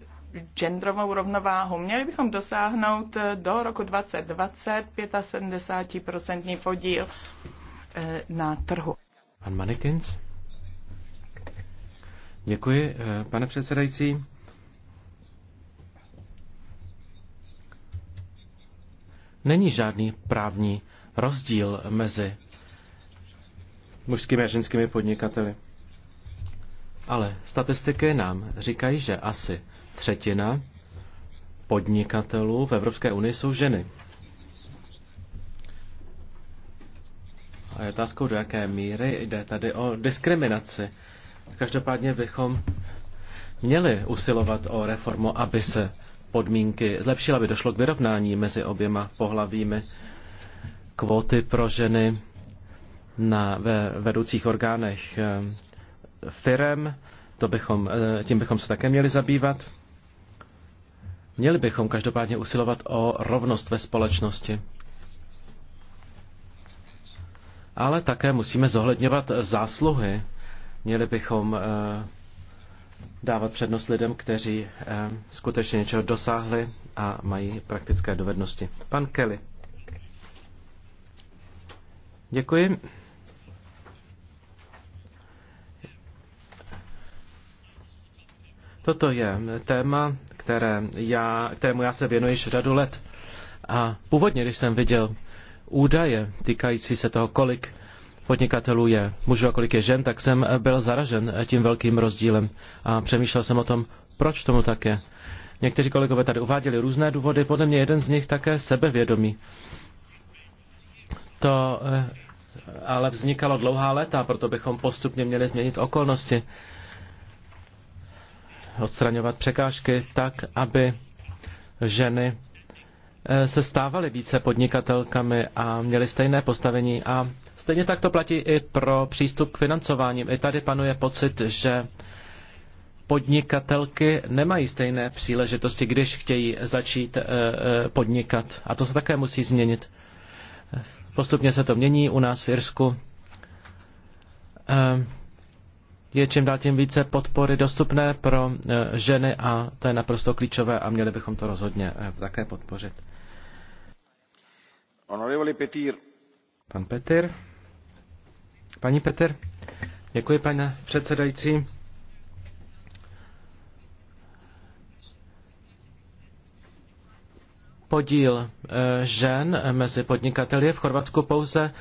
genderovou rovnováhu. Měli bychom dosáhnout eh, do roku 2020 75% podíl eh, na trhu. Pan Manikins? Děkuji, pane předsedající. Není žádný právní rozdíl mezi mužskými a ženskými podnikateli. Ale statistiky nám říkají, že asi třetina podnikatelů v Evropské unii jsou ženy. A je otázkou, do jaké míry jde tady o diskriminaci. Každopádně bychom měli usilovat o reformu, aby se podmínky zlepšily, aby došlo k vyrovnání mezi oběma pohlavími. Kvóty pro ženy na, ve vedoucích orgánech eh, firem, to bychom, eh, tím bychom se také měli zabývat. Měli bychom každopádně usilovat o rovnost ve společnosti. Ale také musíme zohledňovat zásluhy. Měli bychom eh, dávat přednost lidem, kteří skutečně něčeho dosáhli a mají praktické dovednosti. Pan Kelly. Děkuji. Toto je téma, které já, kterému já se věnuji již řadu let. A původně, když jsem viděl údaje týkající se toho, kolik podnikatelů je mužů a kolik je žen, tak jsem byl zaražen tím velkým rozdílem a přemýšlel jsem o tom, proč tomu tak je. Někteří kolegové tady uváděli různé důvody, podle mě jeden z nich také sebevědomí. To eh, ale vznikalo dlouhá léta, proto bychom postupně měli změnit okolnosti odstraňovat překážky tak, aby ženy eh, se stávaly více podnikatelkami a měly stejné postavení. A stejně tak to platí i pro přístup k financováním. I tady panuje pocit, že podnikatelky nemají stejné příležitosti, když chtějí začít eh, eh, podnikat. A to se také musí změnit. Postupně se to mění u nás v Irsku je čím dál tím více podpory dostupné pro eh, ženy a to je naprosto klíčové a měli bychom to rozhodně eh, také podpořit. Petir. Pan Petir. Paní Petr. Děkuji, pane předsedající. Podíl eh, žen mezi podnikateli je v Chorvatsku pouze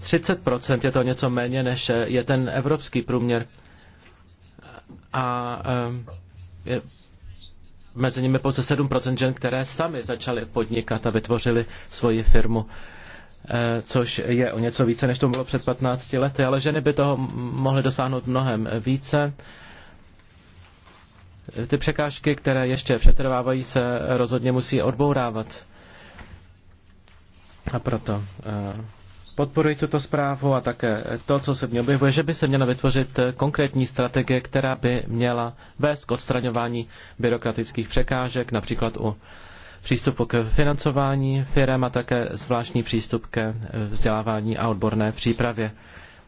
30%, je to něco méně, než je ten evropský průměr a je mezi nimi pouze 7% žen, které sami začaly podnikat a vytvořily svoji firmu e, což je o něco více, než to bylo před 15 lety, ale ženy by toho mohly dosáhnout mnohem více. Ty překážky, které ještě přetrvávají, se rozhodně musí odbourávat. A proto e, podporuji tuto zprávu a také to, co se v objevuje, že by se měla vytvořit konkrétní strategie, která by měla vést k odstraňování byrokratických překážek, například u přístupu k financování firm a také zvláštní přístup ke vzdělávání a odborné přípravě.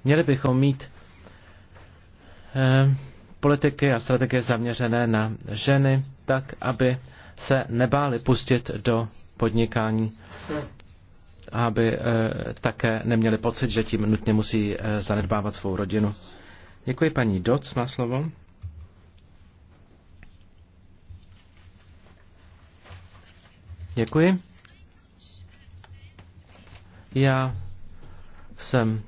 Měli bychom mít eh, politiky a strategie zaměřené na ženy, tak aby se nebáli pustit do podnikání aby eh, také neměli pocit, že tím nutně musí eh, zanedbávat svou rodinu. Děkuji paní Doc, má slovo. Děkuji. Já jsem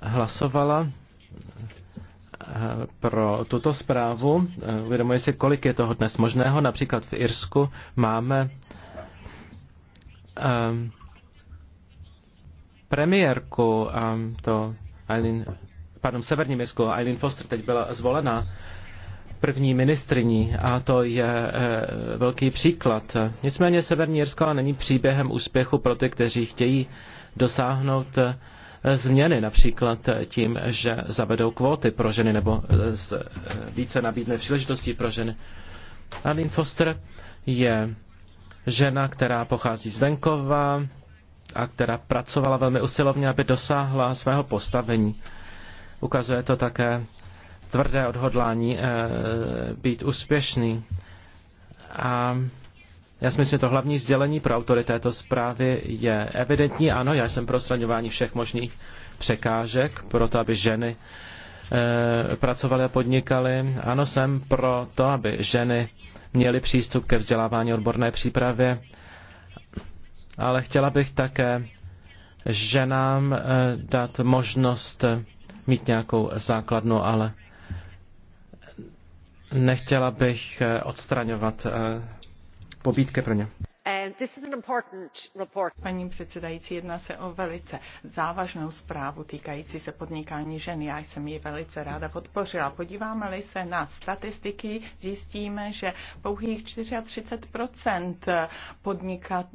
hlasovala eh, pro tuto zprávu. Uvědomuji si, kolik je toho dnes možného. Například v Irsku máme um, premiérku, to Aileen, pardon, Severní Jirsku, Eileen Foster teď byla zvolena první ministriní a to je eh, velký příklad. Nicméně Severní Jirsko není příběhem úspěchu pro ty, kteří chtějí dosáhnout eh, změny, například eh, tím, že zavedou kvóty pro ženy nebo více nabídne příležitostí pro ženy. Aline Foster je žena, která pochází z venkova, a která pracovala velmi usilovně, aby dosáhla svého postavení. Ukazuje to také tvrdé odhodlání eh, být úspěšný. A já si myslím, že to hlavní sdělení pro autory této zprávy je evidentní. Ano, já jsem pro straňování všech možných překážek, pro to, aby ženy eh, pracovaly a podnikaly. Ano, jsem pro to, aby ženy měly přístup ke vzdělávání odborné přípravě ale chtěla bych také ženám eh, dát možnost eh, mít nějakou základnu, ale nechtěla bych eh, odstraňovat pobídky pro ně. Paní předsedající, jedná se o velice závažnou zprávu týkající se podnikání žen. Já jsem ji velice ráda podpořila. Podíváme-li se na statistiky, zjistíme, že pouhých 34 podnikat,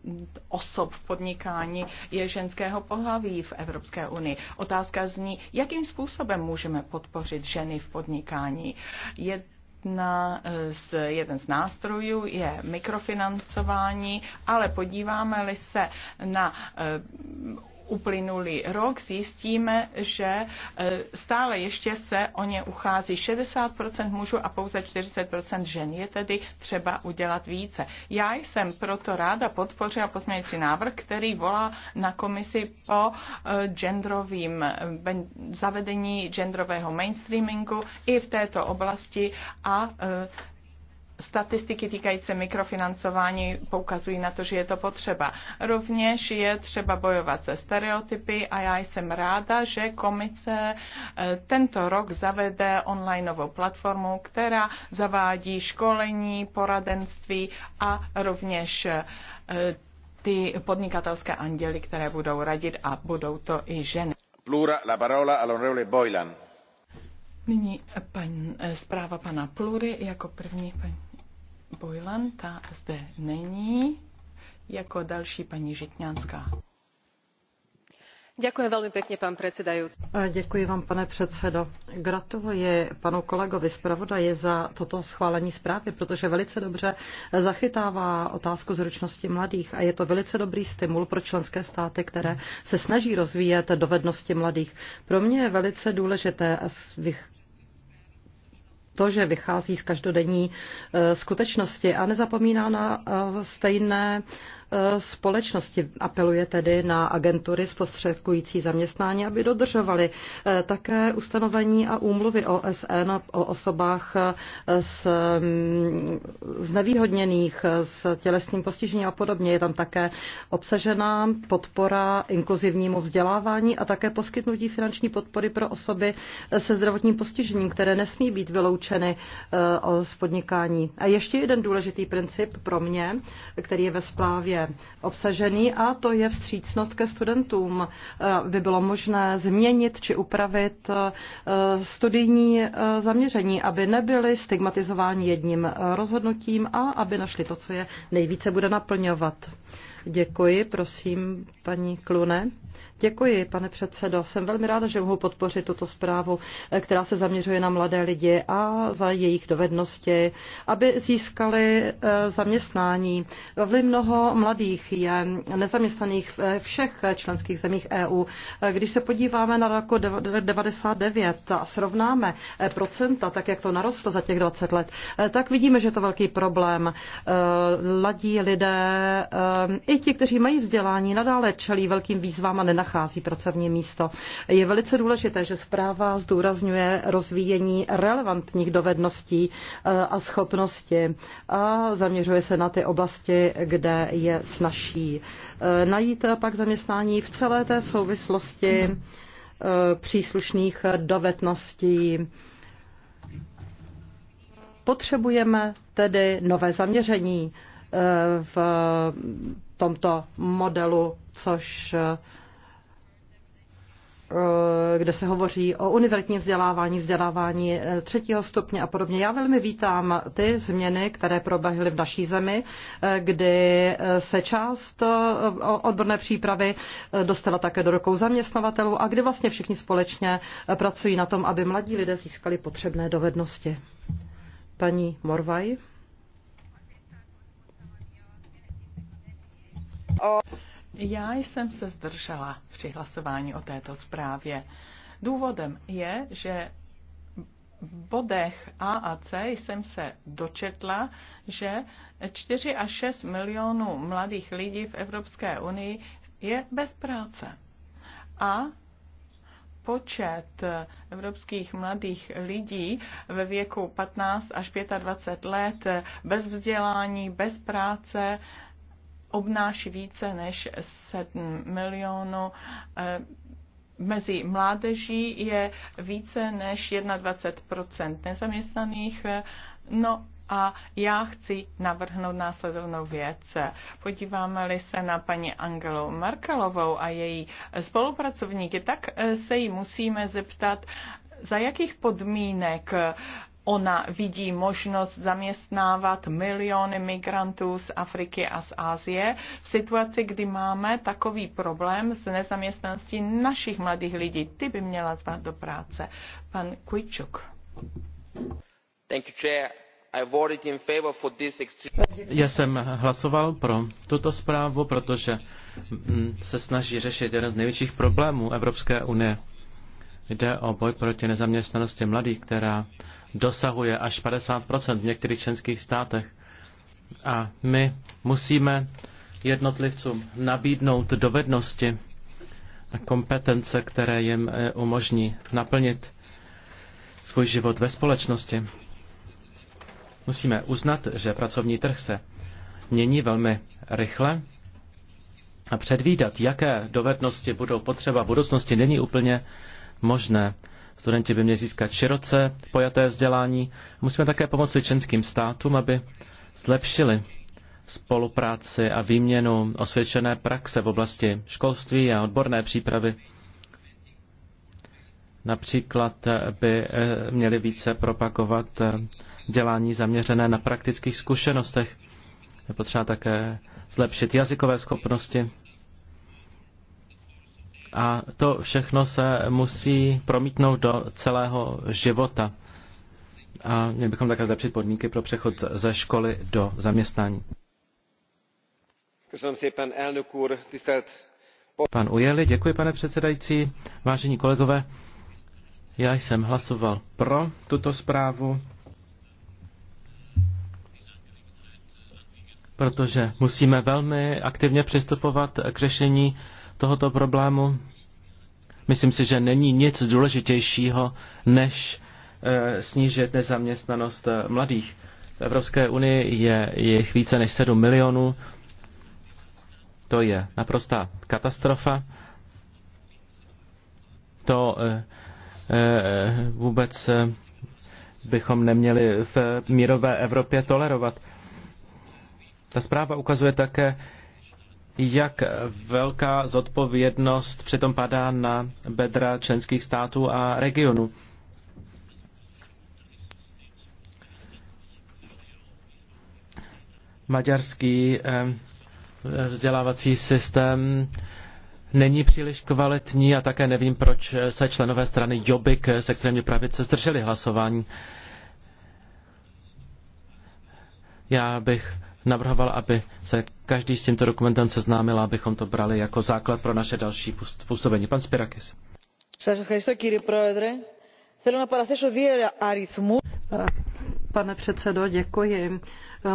osob v podnikání je ženského pohlaví v Evropské unii. Otázka zní, jakým způsobem můžeme podpořit ženy v podnikání. Je jedna eh, z, jeden z nástrojů je mikrofinancování, ale podíváme-li se na eh, uplynulý rok, zjistíme, že e, stále ještě se o ně uchází 60% mužů a pouze 40% žen. Je tedy třeba udělat více. Já jsem proto ráda podpořila pozměňující návrh, který volá na komisi po e, genderovým e, zavedení genderového mainstreamingu i v této oblasti a statistiky týkající mikrofinancování poukazují na to, že je to potřeba. Rovněž je třeba bojovat se stereotypy a já jsem ráda, že komice eh, tento rok zavede onlineovou platformu, která zavádí školení, poradenství a rovněž eh, ty podnikatelské anděly, které budou radit a budou to i ženy. Plura la parola all'onorevole Boylan. Nyní pan, eh, zpráva pana Plury jako první. Paní. Bojlan, ta zde není. Jako další paní Žitňanská. Děkuji velmi pěkně, pan předsedající. Děkuji vám, pane předsedo. Gratuluji panu kolegovi zpravodaji za toto schválení zprávy, protože velice dobře zachytává otázku zručnosti mladých a je to velice dobrý stimul pro členské státy, které se snaží rozvíjet dovednosti mladých. Pro mě je velice důležité, a bych to, že vychází z každodenní eh, skutečnosti a nezapomíná na eh, stejné Eh, společnosti. Apeluje tedy na agentury zprostředkující zaměstnání, aby dodržovali eh, také ustanovení a úmluvy OSN o osobách eh, s mm, znevýhodněných, s tělesným postižením a podobně. Je tam také obsažená podpora inkluzivnímu vzdělávání a také poskytnutí finanční podpory pro osoby se zdravotním postižením, které nesmí být vyloučeny z podnikání. A ještě jeden důležitý princip pro mě, který je ve zprávě je obsažený a to je vstřícnost ke studentům. Eh, by bylo možné změnit či upravit eh, studijní eh, zaměření, aby nebyli stigmatizováni jedním rozhodnutím a aby našli to, co je nejvíce bude naplňovat. Děkuji, prosím, paní Klune. Děkuji, pane předsedo. Jsem velmi ráda, že mohu podpořit tuto zprávu, eh, která se zaměřuje na mladé lidi a za jejich dovednosti, aby získali eh, zaměstnání. Vliv mnoho mladých je nezaměstnaných ve všech členských zemích EU. Eh, když se podíváme na roku 99 a srovnáme procenta, tak jak to narostlo za těch 20 let, tak vidíme, že je to velký problém. Ladí lidé, i ti, kteří mají vzdělání, nadále čelí velkým výzvám a nenacházejí nachází pracovní místo. Je velice důležité, že zpráva zdůrazňuje rozvíjení relevantních dovedností eh, a schopnosti a zaměřuje se na ty oblasti, kde je snažší eh, najít pak zaměstnání v celé té souvislosti eh, příslušných dovedností. Potřebujeme tedy nové zaměření v tomto modelu, což Eh, kde se hovoří o univerzitní vzdělávání, vzdělávání eh, třetího stupně a podobně. Já velmi vítám ty změny, které proběhly v naší zemi, eh, kdy se část odborné přípravy dostala také do rukou zaměstnavatelů a kdy vlastně všichni společně pracují na tom, aby mladí lidé získali potřebné dovednosti. Paní Morvaj. Já jsem se zdržela při hlasování o této zprávě. Důvodem je, že v bodech A a C jsem se dočetla, že 4 až 6 milionů mladých lidí v Evropské unii je bez práce. A počet evropských mladých lidí ve věku 15 až 25 let bez vzdělání, bez práce, obnáší více než 7 milionů. Eh, mezi mládeží je více než 21 nezaměstnaných. No a já chci navrhnout následovnou věc. Podíváme-li se na paní Angelou Merkelovou a její spolupracovníky, tak eh, se jí musíme zeptat, za jakých podmínek Ona vidí možnost zaměstnávat miliony migrantů z Afriky a z Asie v situaci, kdy máme takový problém s nezaměstnaností našich mladých lidí. Ty by měla zvát do práce. Pan Kujčuk. Thank you, chair. Já jsem hlasoval pro tuto zprávu, protože mm, se snaží řešit jeden z největších problémů Evropské unie. Jde o boj proti nezaměstnanosti mladých, která dosahuje až 50% v některých členských státech. A my musíme jednotlivcům nabídnout dovednosti a kompetence, které jim eh, umožní naplnit svůj život ve společnosti. Musíme uznat, že pracovní trh se mění velmi rychle a předvídat, jaké dovednosti budou potřeba v budoucnosti, není úplně možné. Studenti by měli získat široce pojaté vzdělání. Musíme také pomoci členským státům, aby zlepšili spolupráci a výměnu osvědčené praxe v oblasti školství a odborné přípravy. Například by eh, měli více propagovat eh, dělání zaměřené na praktických zkušenostech. Je potřeba také zlepšit jazykové schopnosti a to všechno se musí promítnout do celého života. A měli bychom také zlepšit podmínky pro přechod ze školy do zaměstnání. Pan Ujeli, děkuji pane předsedající. Vážení kolegové, já jsem hlasoval pro tuto zprávu, protože musíme velmi aktivně přistupovat k řešení tohoto problému. Myslím si, že není nic důležitějšího, než eh, snížit nezaměstnanost eh, mladých. V Evropské unii je jich více než 7 milionů. To je naprostá katastrofa. To eh, vůbec bychom neměli v mírové Evropě tolerovat. Ta zpráva ukazuje také, jak velká zodpovědnost přitom padá na bedra členských států a regionů. Maďarský eh, vzdělávací systém není příliš kvalitní a také nevím, proč se členové strany Jobik z extrémní pravice zdrželi hlasování. Já bych navrhoval, aby se každý s tímto dokumentem seznámil, abychom to brali jako základ pro naše další působení. Pan Spirakis. Pane předsedo, děkuji.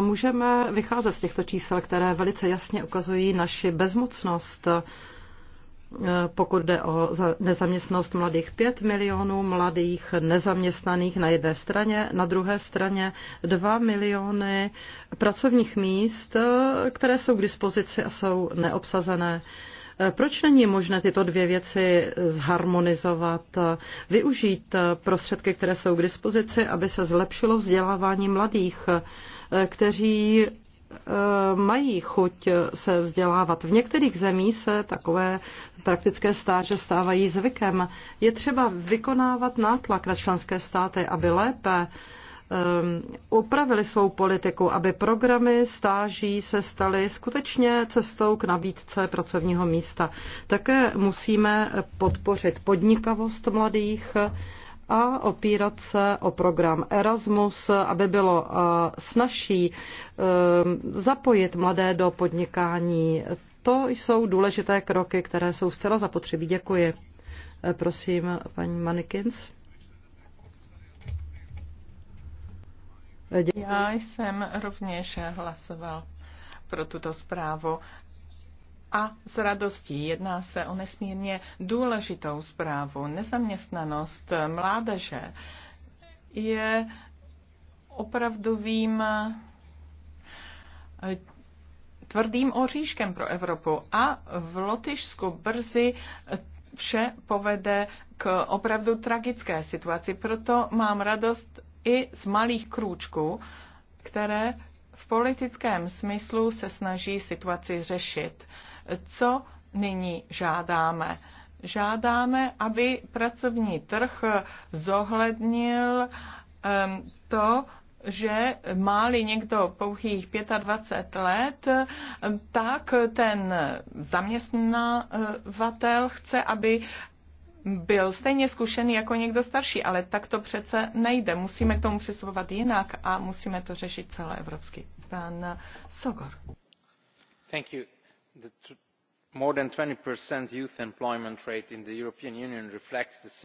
Můžeme vycházet z těchto čísel, které velice jasně ukazují naši bezmocnost Eh, pokud jde o nezaměstnost mladých 5 milionů mladých nezaměstnaných na jedné straně, na druhé straně 2 miliony pracovních míst, eh, které jsou k dispozici a jsou neobsazené. Eh, proč není možné tyto dvě věci zharmonizovat, využít prostředky, které jsou k dispozici, aby se zlepšilo vzdělávání mladých, kteří Eh, mají chuť se vzdělávat. V některých zemích se takové praktické stáže stávají zvykem. Je třeba vykonávat nátlak na členské státy, aby lépe eh, upravili svou politiku, aby programy stáží se staly skutečně cestou k nabídce pracovního místa. Také musíme podpořit podnikavost mladých, a opírat se o program Erasmus, aby bylo eh, snažší eh, zapojit mladé do podnikání. To jsou důležité kroky, které jsou zcela zapotřebí. Děkuji. Eh, prosím, paní Manikins. Děkuji. Já jsem rovněž hlasoval pro tuto zprávu a s radostí. Jedná se o nesmírně důležitou zprávu. Nezaměstnanost mládeže je opravdovým eh, tvrdým oříškem pro Evropu a v Lotyšsku brzy vše povede k opravdu tragické situaci. Proto mám radost i z malých krůčků, které v politickém smyslu se snaží situaci řešit. Co nyní žádáme? Žádáme, aby pracovní trh zohlednil to, že má někdo pouhých 25 let, tak ten zaměstnavatel chce, aby byl stejně zkušený jako někdo starší, ale tak to přece nejde. Musíme k tomu přistupovat jinak a musíme to řešit celoevropsky. Pan Sogor. Thank you.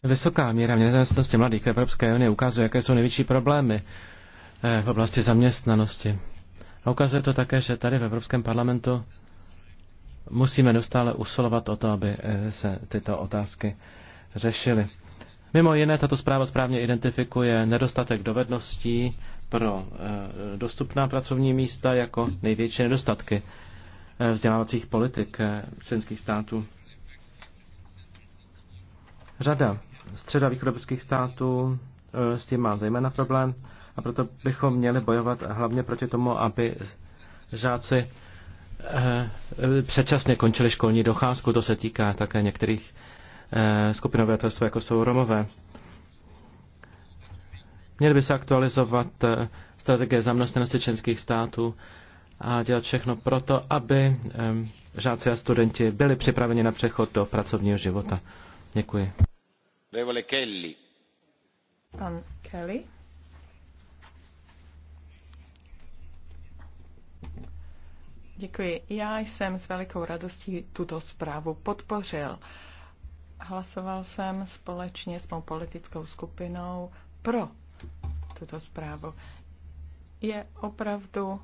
Vysoká míra nezaměstnanosti mladých v Evropské unii ukazuje, jaké jsou největší problémy eh, v oblasti zaměstnanosti. A ukazuje to také, že tady v Evropském parlamentu musíme dostále usilovat o to, aby eh, se tyto otázky řešily. Mimo jiné, tato zpráva správně identifikuje nedostatek dovedností pro eh, dostupná pracovní místa jako největší nedostatky Eh, vzdělávacích politik eh, členských států. Řada středa východobrských států eh, s tím má zejména problém a proto bychom měli bojovat hlavně proti tomu, aby žáci předčasně končili školní docházku. To se týká také některých skupin obyvatelstva, jako jsou Romové. Měly by se aktualizovat strategie zaměstnanosti členských států a dělat všechno proto, aby žáci a studenti byli připraveni na přechod do pracovního života. Děkuji. Kelly. Pan Kelly. Děkuji. Já jsem s velikou radostí tuto zprávu podpořil. Hlasoval jsem společně s mou politickou skupinou pro tuto zprávu. Je opravdu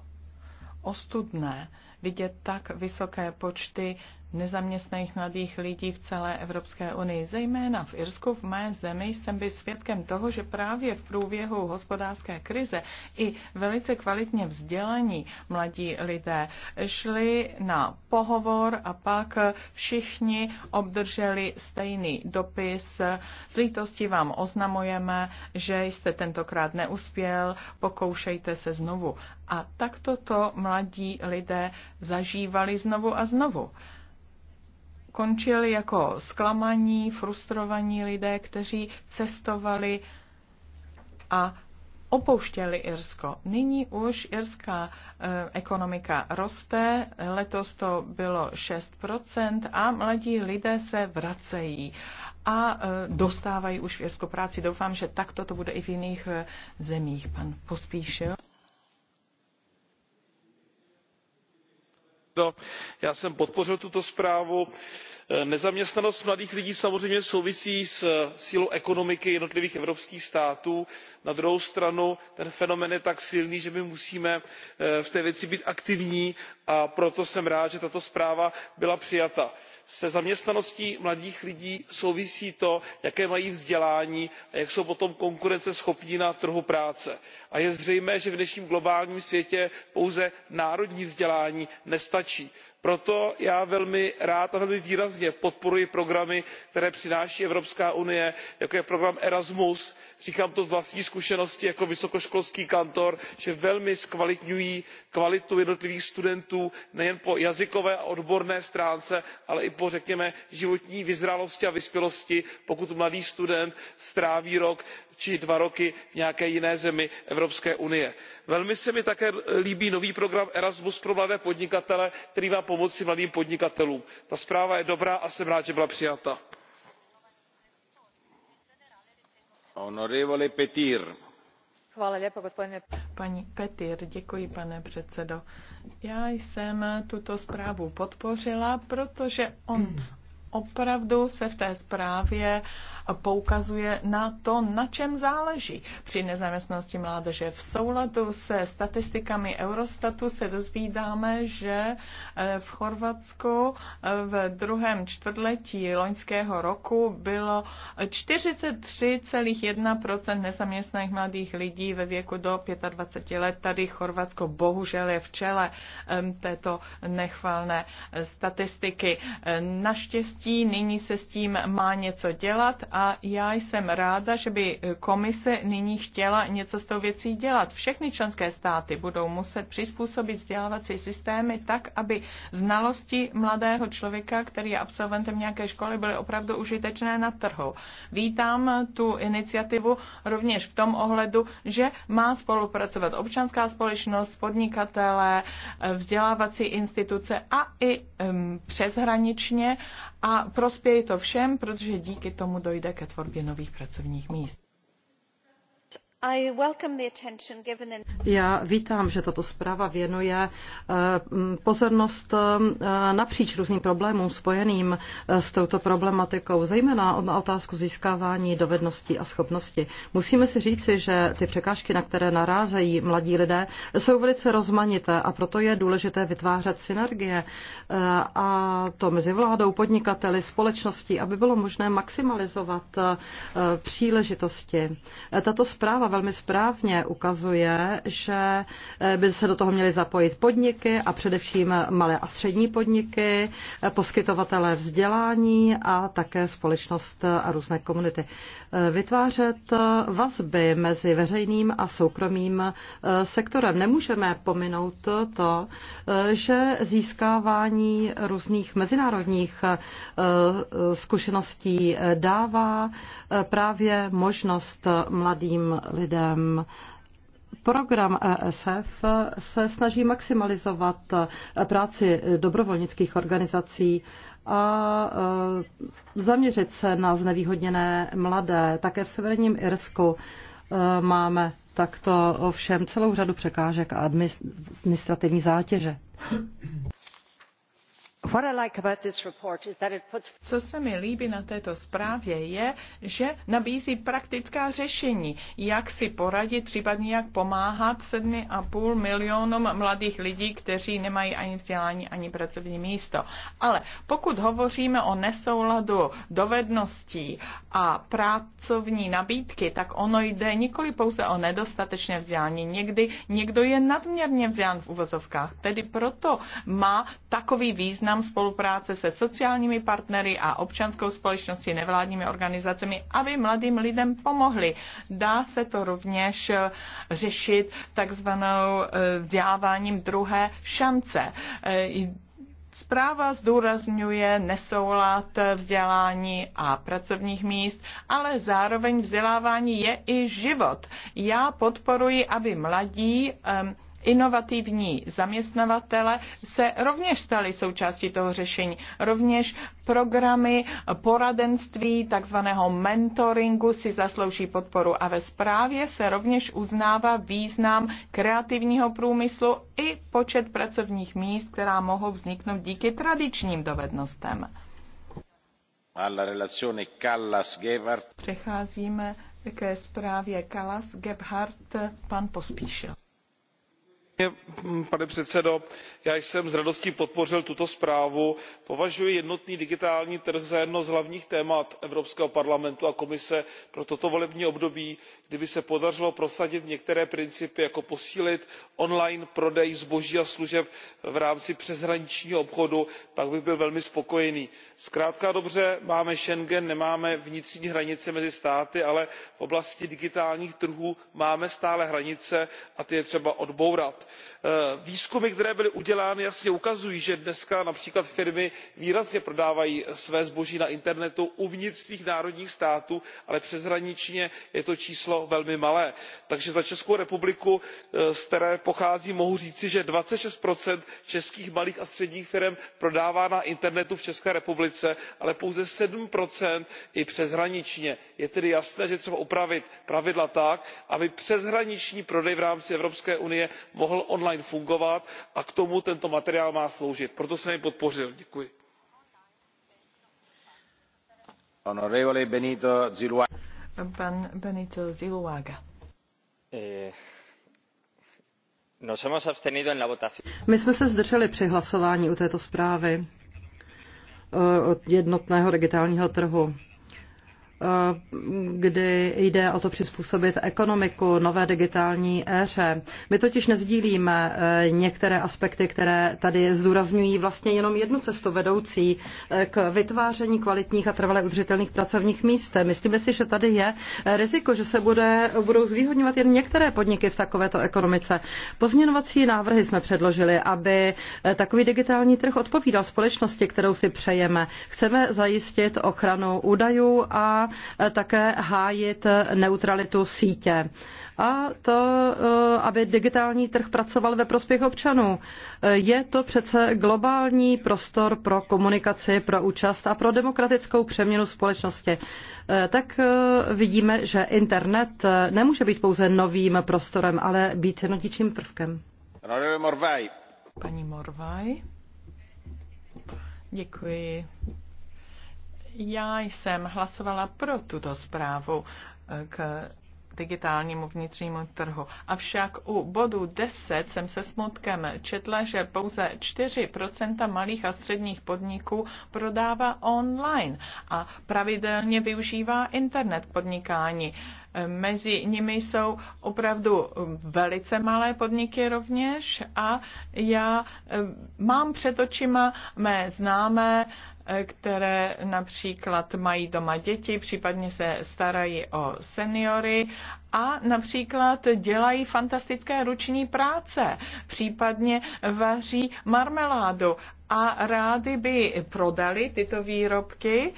ostudné, vidět tak vysoké počty nezaměstnaných mladých lidí v celé Evropské unii. Zejména v Irsku, v mé zemi, jsem byl svědkem toho, že právě v průběhu hospodářské krize i velice kvalitně vzdělaní mladí lidé šli na pohovor a pak všichni obdrželi stejný dopis. S lítostí vám oznamujeme, že jste tentokrát neuspěl, pokoušejte se znovu. A takto to mladí lidé zažívali znovu a znovu. Končili jako zklamaní, frustrovaní lidé, kteří cestovali a opouštěli Irsko. Nyní už irská e, ekonomika roste, letos to bylo 6% a mladí lidé se vracejí a e, dostávají už v Irsku práci. Doufám, že takto to bude i v jiných e, zemích. Pan Pospíšil. No, já jsem podpořil tuto zprávu. E, nezaměstnanost mladých lidí samozřejmě souvisí se sílou ekonomiky jednotlivých evropských států na druhou stranu ten fenomén je tak silný že my musíme e, v té věci být aktivní a proto jsem rád že tato zpráva byla přijata se zaměstnaností mladých lidí souvisí to jaké mají vzdělání a jak jsou potom konkurenceschopní na trhu práce a je zřejmé že v dnešním globálním světě pouze národní vzdělání nestačí proto já velmi rád a velmi výrazně podporuji programy které přináší evropská unie jako je program erasmus říkám to z vlastní zkušenosti jako vysokoškolský kantor že velmi zkvalitňují kvalitu jednotlivých studentů nejen po jazykové a odborné stránce ale i po řekněme životní vyzrálosti a vyspělosti pokud mladý student stráví rok či dva roky v nějaké jiné zemi evropské unie. velmi se mi také líbí nový program erasmus pro mladé podnikatele který má pomoci mladým podnikatelům. ta zpráva je dobrá a jsem rád že byla přijata. Paní Petir, děkuji, pane předsedo. Já jsem tuto zprávu podpořila, protože on opravdu se v té zprávě poukazuje na to, na čem záleží. Při nezaměstnanosti mládeže v souladu se statistikami Eurostatu se dozvídáme, že eh, v Chorvatsku eh, v druhém čtvrtletí loňského roku bylo 43,1% nezaměstnaných mladých lidí ve věku do 25 let. Tady Chorvatsko bohužel je v čele eh, této nechvalné statistiky. Naštěstí zjistí, nyní se s tím má něco dělat a já jsem ráda, že by komise nyní chtěla něco s tou věcí dělat. Všechny členské státy budou muset přizpůsobit vzdělávací systémy tak, aby znalosti mladého člověka, který je absolventem nějaké školy, byly opravdu užitečné na trhu. Vítám tu iniciativu rovněž v tom ohledu, že má spolupracovat občanská společnost, podnikatelé, vzdělávací instituce a i um, přeshraničně a a prospěje to všem, protože díky tomu dojde ke tvorbě nových pracovních míst. Já vítám, že tato zpráva věnuje eh, pozornost eh, napříč různým problémům spojeným eh, s touto problematikou, zejména na otázku získávání dovedností a schopností. Musíme si říci, že ty překážky, na které narázejí mladí lidé, jsou velice rozmanité a proto je důležité vytvářet synergie a to mezi vládou, podnikateli, společností, aby bylo možné maximalizovat příležitosti. Tato zpráva velmi správně ukazuje, že eh, by se do toho měly zapojit podniky a především malé a střední podniky, eh, poskytovatelé vzdělání a také společnost a různé komunity. Eh, vytvářet vazby mezi veřejným a soukromým sektorem. Nemůžeme pominout to, že získávání různých mezinárodních zkušeností dává právě možnost mladým lidem lidem. Program ESF se snaží maximalizovat práci dobrovolnických organizací a e, zaměřit se na znevýhodněné mladé. Také v severním Irsku e, máme takto ovšem celou řadu překážek a administrativní zátěže. Co se mi líbí na této zprávě je, že nabízí praktická řešení, jak si poradit, případně jak pomáhat sedmi a půl milionům mladých lidí, kteří nemají ani vzdělání, ani pracovní místo. Ale pokud hovoříme o nesouladu dovedností a pracovní nabídky, tak ono jde nikoli pouze o nedostatečné vzdělání. Někdy někdo je nadměrně vzdělán v uvozovkách, tedy proto má takový význam význam spolupráce se sociálními partnery a občanskou společností, nevládními organizacemi, aby mladým lidem pomohli. Dá se to rovněž eh, řešit takzvanou eh, vzděláváním druhé šance. Eh, zpráva zdůrazňuje nesoulad vzdělání a pracovních míst, ale zároveň vzdělávání je i život. Já podporuji, aby mladí um, inovativní zaměstnavatele se rovněž staly součástí toho řešení. Rovněž programy poradenství, takzvaného mentoringu si zaslouží podporu a ve zprávě se rovněž uznává význam kreativního průmyslu i počet pracovních míst, která mohou vzniknout díky tradičním dovednostem. Přecházíme ke zprávě Kallas Gebhardt, pan Pospíšil pane předsedající já jsem s radostí podpořil tuto zprávu. považuji jednotný digitální trh za jedno z hlavních témat evropského parlamentu a komise pro toto volební období. kdyby se podařilo prosadit některé principy jako posílit on line prodej zboží a služeb v rámci přeshraničního obchodu pak bych byl velmi spokojený. zkrátka a dobře máme schengen nemáme vnitřní hranice mezi státy ale v oblasti digitálních trhů máme stále hranice a ty je třeba odbourat. Eh, výzkumy které byly udělány jasně ukazují že dnes například firmy výrazně prodávají své zboží na internetu uvnitř svých národních států ale přeshraničně je to číslo velmi malé. takže za českou republiku eh, z které pocházím mohu říci že twenty six českých malých a středních firem prodává na internetu v české republice ale pouze seven i přeshraničně. je tedy jasné že je třeba upravit pravidla tak aby přeshraniční prodej v rámci evropské unie mohl mohl on line fungovat a k tomu tento materiál má sloužit. proto jsem jej podpořil. děkuji. Benito Ziluaga. Eh, My jsme se zdrželi při hlasování u této zprávy eh, jednotného digitálním trhu. Eh, kdy jde o to přizpůsobit ekonomiku nové digitální éře. My totiž nezdílíme eh, některé aspekty, které tady zdůrazňují vlastně jenom jednu cestu vedoucí eh, k vytváření kvalitních a trvale udržitelných pracovních míst. Myslíme si, že tady je riziko, že se bude, budou zvýhodňovat jen některé podniky v takovéto ekonomice. Pozměňovací návrhy jsme předložili, aby takový digitální trh odpovídal společnosti, kterou si přejeme. Chceme zajistit ochranu údajů a Eh, také hájit neutralitu sítě a to, eh, aby digitální trh pracoval ve prospěch občanů. Eh, je to přece globální prostor pro komunikaci, pro účast a pro demokratickou přeměnu společnosti. Tak vidíme, že internet nemůže být pouze novým prostorem, ale být jednotičím prvkem. Paní Morvaj. Děkuji, já jsem hlasovala pro tuto zprávu eh, k digitálnímu vnitřnímu trhu. Avšak u bodu 10 jsem se smutkem četla, že pouze 4% malých a středních podniků prodává online a pravidelně využívá internet podnikání. Mezi nimi jsou opravdu velice malé podniky rovněž a já eh, mám před očima mé známé, eh, které například mají doma děti, případně se starají o seniory a například dělají fantastické ruční práce, případně vaří marmeládu a rádi by prodali tyto výrobky,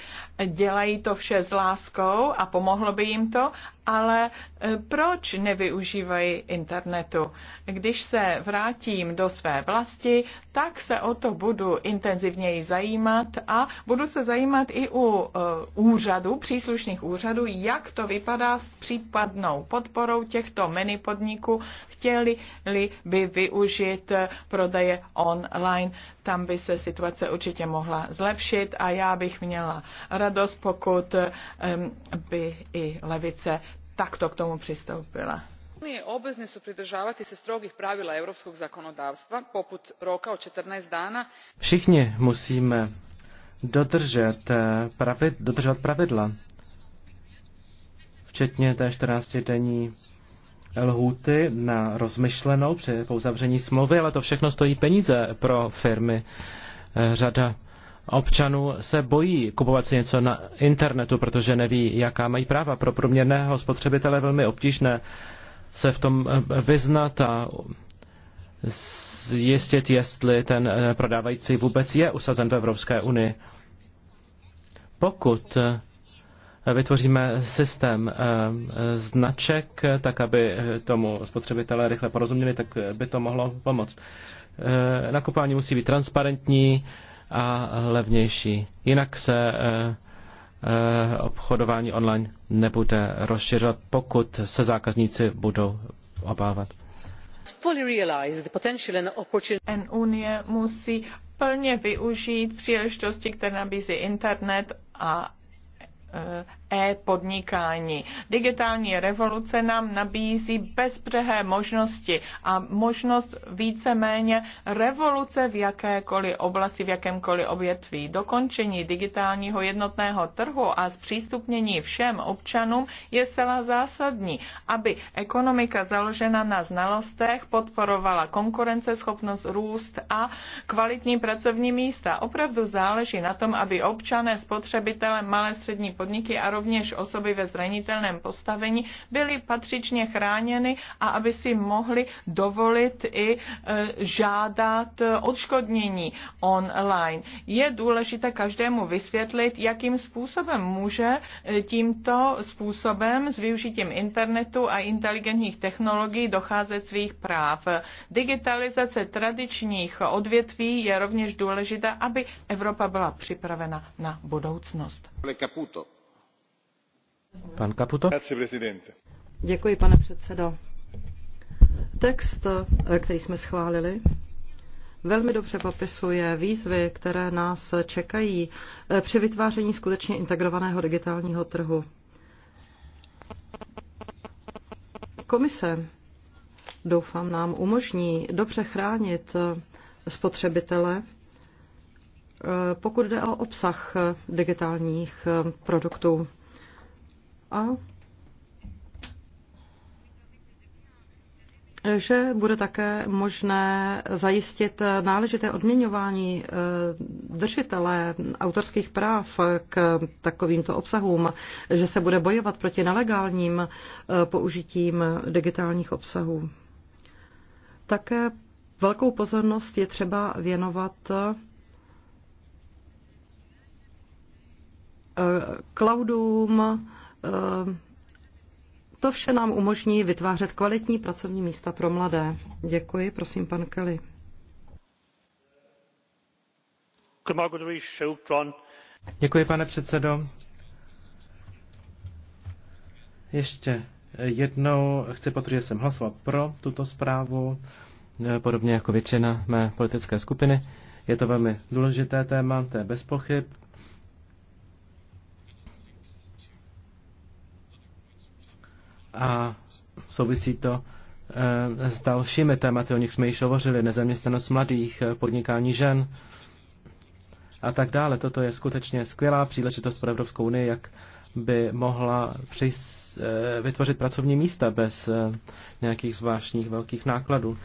dělají to vše s láskou a pomohlo by jim to ale e, proč nevyužívají internetu? Když se vrátím do své vlasti, tak se o to budu intenzivněji zajímat a budu se zajímat i u e, úřadu, příslušných úřadů, jak to vypadá s případnou podporou těchto mini podniků, chtěli-li by využít e, prodeje online. Tam by se situace určitě mohla zlepšit a já bych měla radost, pokud by i levice takto k tomu přistoupila obvezni su pridržavati se strogih pravila europskog zakonodavstva poput roka od 14 dana Všichni musíme dodržet eh, pravid, dodržovat pravidla, včetně té 14-denní lhůty na rozmyšlenou při uzavření smlouvy, ale to všechno stojí peníze pro firmy. Eh, řada občanů se bojí kupovat si něco na internetu, protože neví, jaká mají práva. Pro průměrného spotřebitele je velmi obtížné se v tom eh, vyznat a zjistit, jestli ten eh, prodávající vůbec je usazen v Evropské unii. Pokud eh, vytvoříme systém značek, tak aby tomu spotřebitelé rychle porozuměli, tak by to mohlo pomoct. Nakupování musí být transparentní, a levnější. Jinak se eh, eh, obchodování online nebude rozšiřovat, pokud se zákazníci budou obávat. En Unie musí plně využít příležitosti, které nabízí internet a eh, e-podnikání. Digitální revoluce nám nabízí bezbřehé možnosti a možnost víceméně revoluce v jakékoliv oblasti, v jakémkoliv obětví. Dokončení digitálního jednotného trhu a zpřístupnění všem občanům je zcela zásadní, aby ekonomika založena na znalostech podporovala konkurenceschopnost, růst a kvalitní pracovní místa. Opravdu záleží na tom, aby občané, spotřebitele, malé střední podniky a rovněž osoby ve zranitelném postavení byly patřičně chráněny a aby si mohli dovolit i e, žádat odškodnění online. Je důležité každému vysvětlit, jakým způsobem může e, tímto způsobem s využitím internetu a inteligentních technologií docházet svých práv. Digitalizace tradičních odvětví je rovněž důležitá, aby Evropa byla připravena na budoucnost. Pan Kaputo? Děkuji, pane předsedo. Text, eh, který jsme schválili, velmi dobře popisuje výzvy, které nás čekají eh, při vytváření skutečně integrovaného digitálního trhu. Komise, doufám, nám umožní dobře chránit eh, spotřebitele, pokud jde o obsah digitálních produktů a že bude také možné zajistit náležité odměňování eh, držitele autorských práv k takovýmto obsahům, že se bude bojovat proti nelegálním eh, použitím digitálních obsahů. Také velkou pozornost je třeba věnovat eh, cloudům, Eh, to vše nám umožní vytvářet kvalitní pracovní místa pro mladé. Děkuji, prosím, pan Kelly. Děkuji, pane předsedo. Ještě jednou chci potvrdit, že jsem hlasoval pro tuto zprávu, eh, podobně jako většina mé politické skupiny. Je to velmi důležité téma, to je bez pochyb. a souvisí to eh, s dalšími tématy, o nich jsme již hovořili, nezaměstnanost mladých, eh, podnikání žen a tak dále. Toto je skutečně skvělá příležitost pro Evropskou unii, jak by mohla přijs, eh, vytvořit pracovní místa bez nějakých zvláštních velkých nákladů.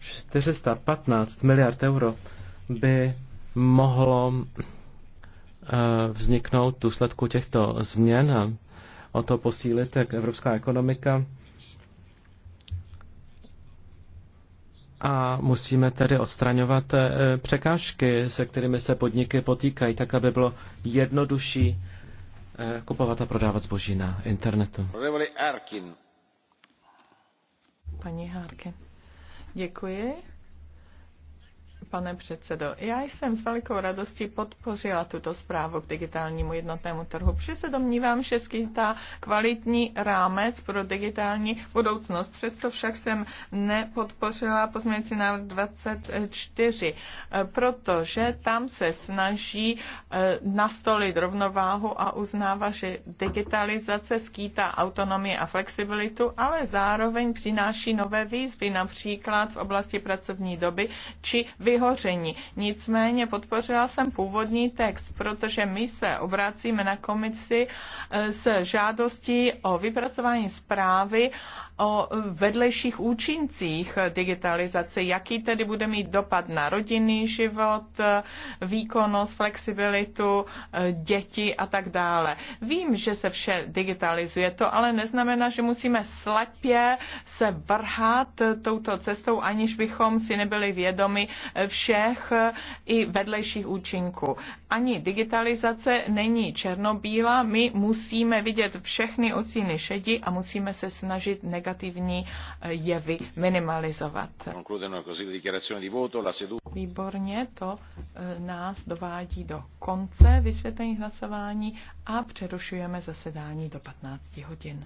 415 miliard euro by mohlo vzniknout v důsledku těchto změn o to posílit jak evropská ekonomika. A musíme tedy odstraňovat eh, překážky, se kterými se podniky potýkají, tak aby bylo jednodušší eh, kupovat a prodávat zboží na internetu. Paní Harkin. Děkuji pane předsedo. Já jsem s velikou radostí podpořila tuto zprávu k digitálnímu jednotnému trhu, protože se domnívám, že skýtá kvalitní rámec pro digitální budoucnost. Přesto však jsem nepodpořila pozměnící návrh 24, protože tam se snaží eh, nastolit rovnováhu a uznává, že digitalizace skýtá autonomii a flexibilitu, ale zároveň přináší nové výzvy, například v oblasti pracovní doby či vyhodnocení vyhoření. Nicméně podpořila jsem původní text, protože my se obracíme na komisi eh, s žádostí o vypracování zprávy o vedlejších účincích digitalizace, jaký tedy bude mít dopad na rodinný život, výkonnost, flexibilitu, eh, děti a tak dále. Vím, že se vše digitalizuje, to ale neznamená, že musíme slepě se vrhat touto cestou, aniž bychom si nebyli vědomi eh, všech i vedlejších účinků. Ani digitalizace není černobílá, my musíme vidět všechny ocíny šedi a musíme se snažit negativní eh, jevy minimalizovat. Výborně, to eh, nás dovádí do konce vysvětlení hlasování a přerušujeme zasedání do 15 hodin.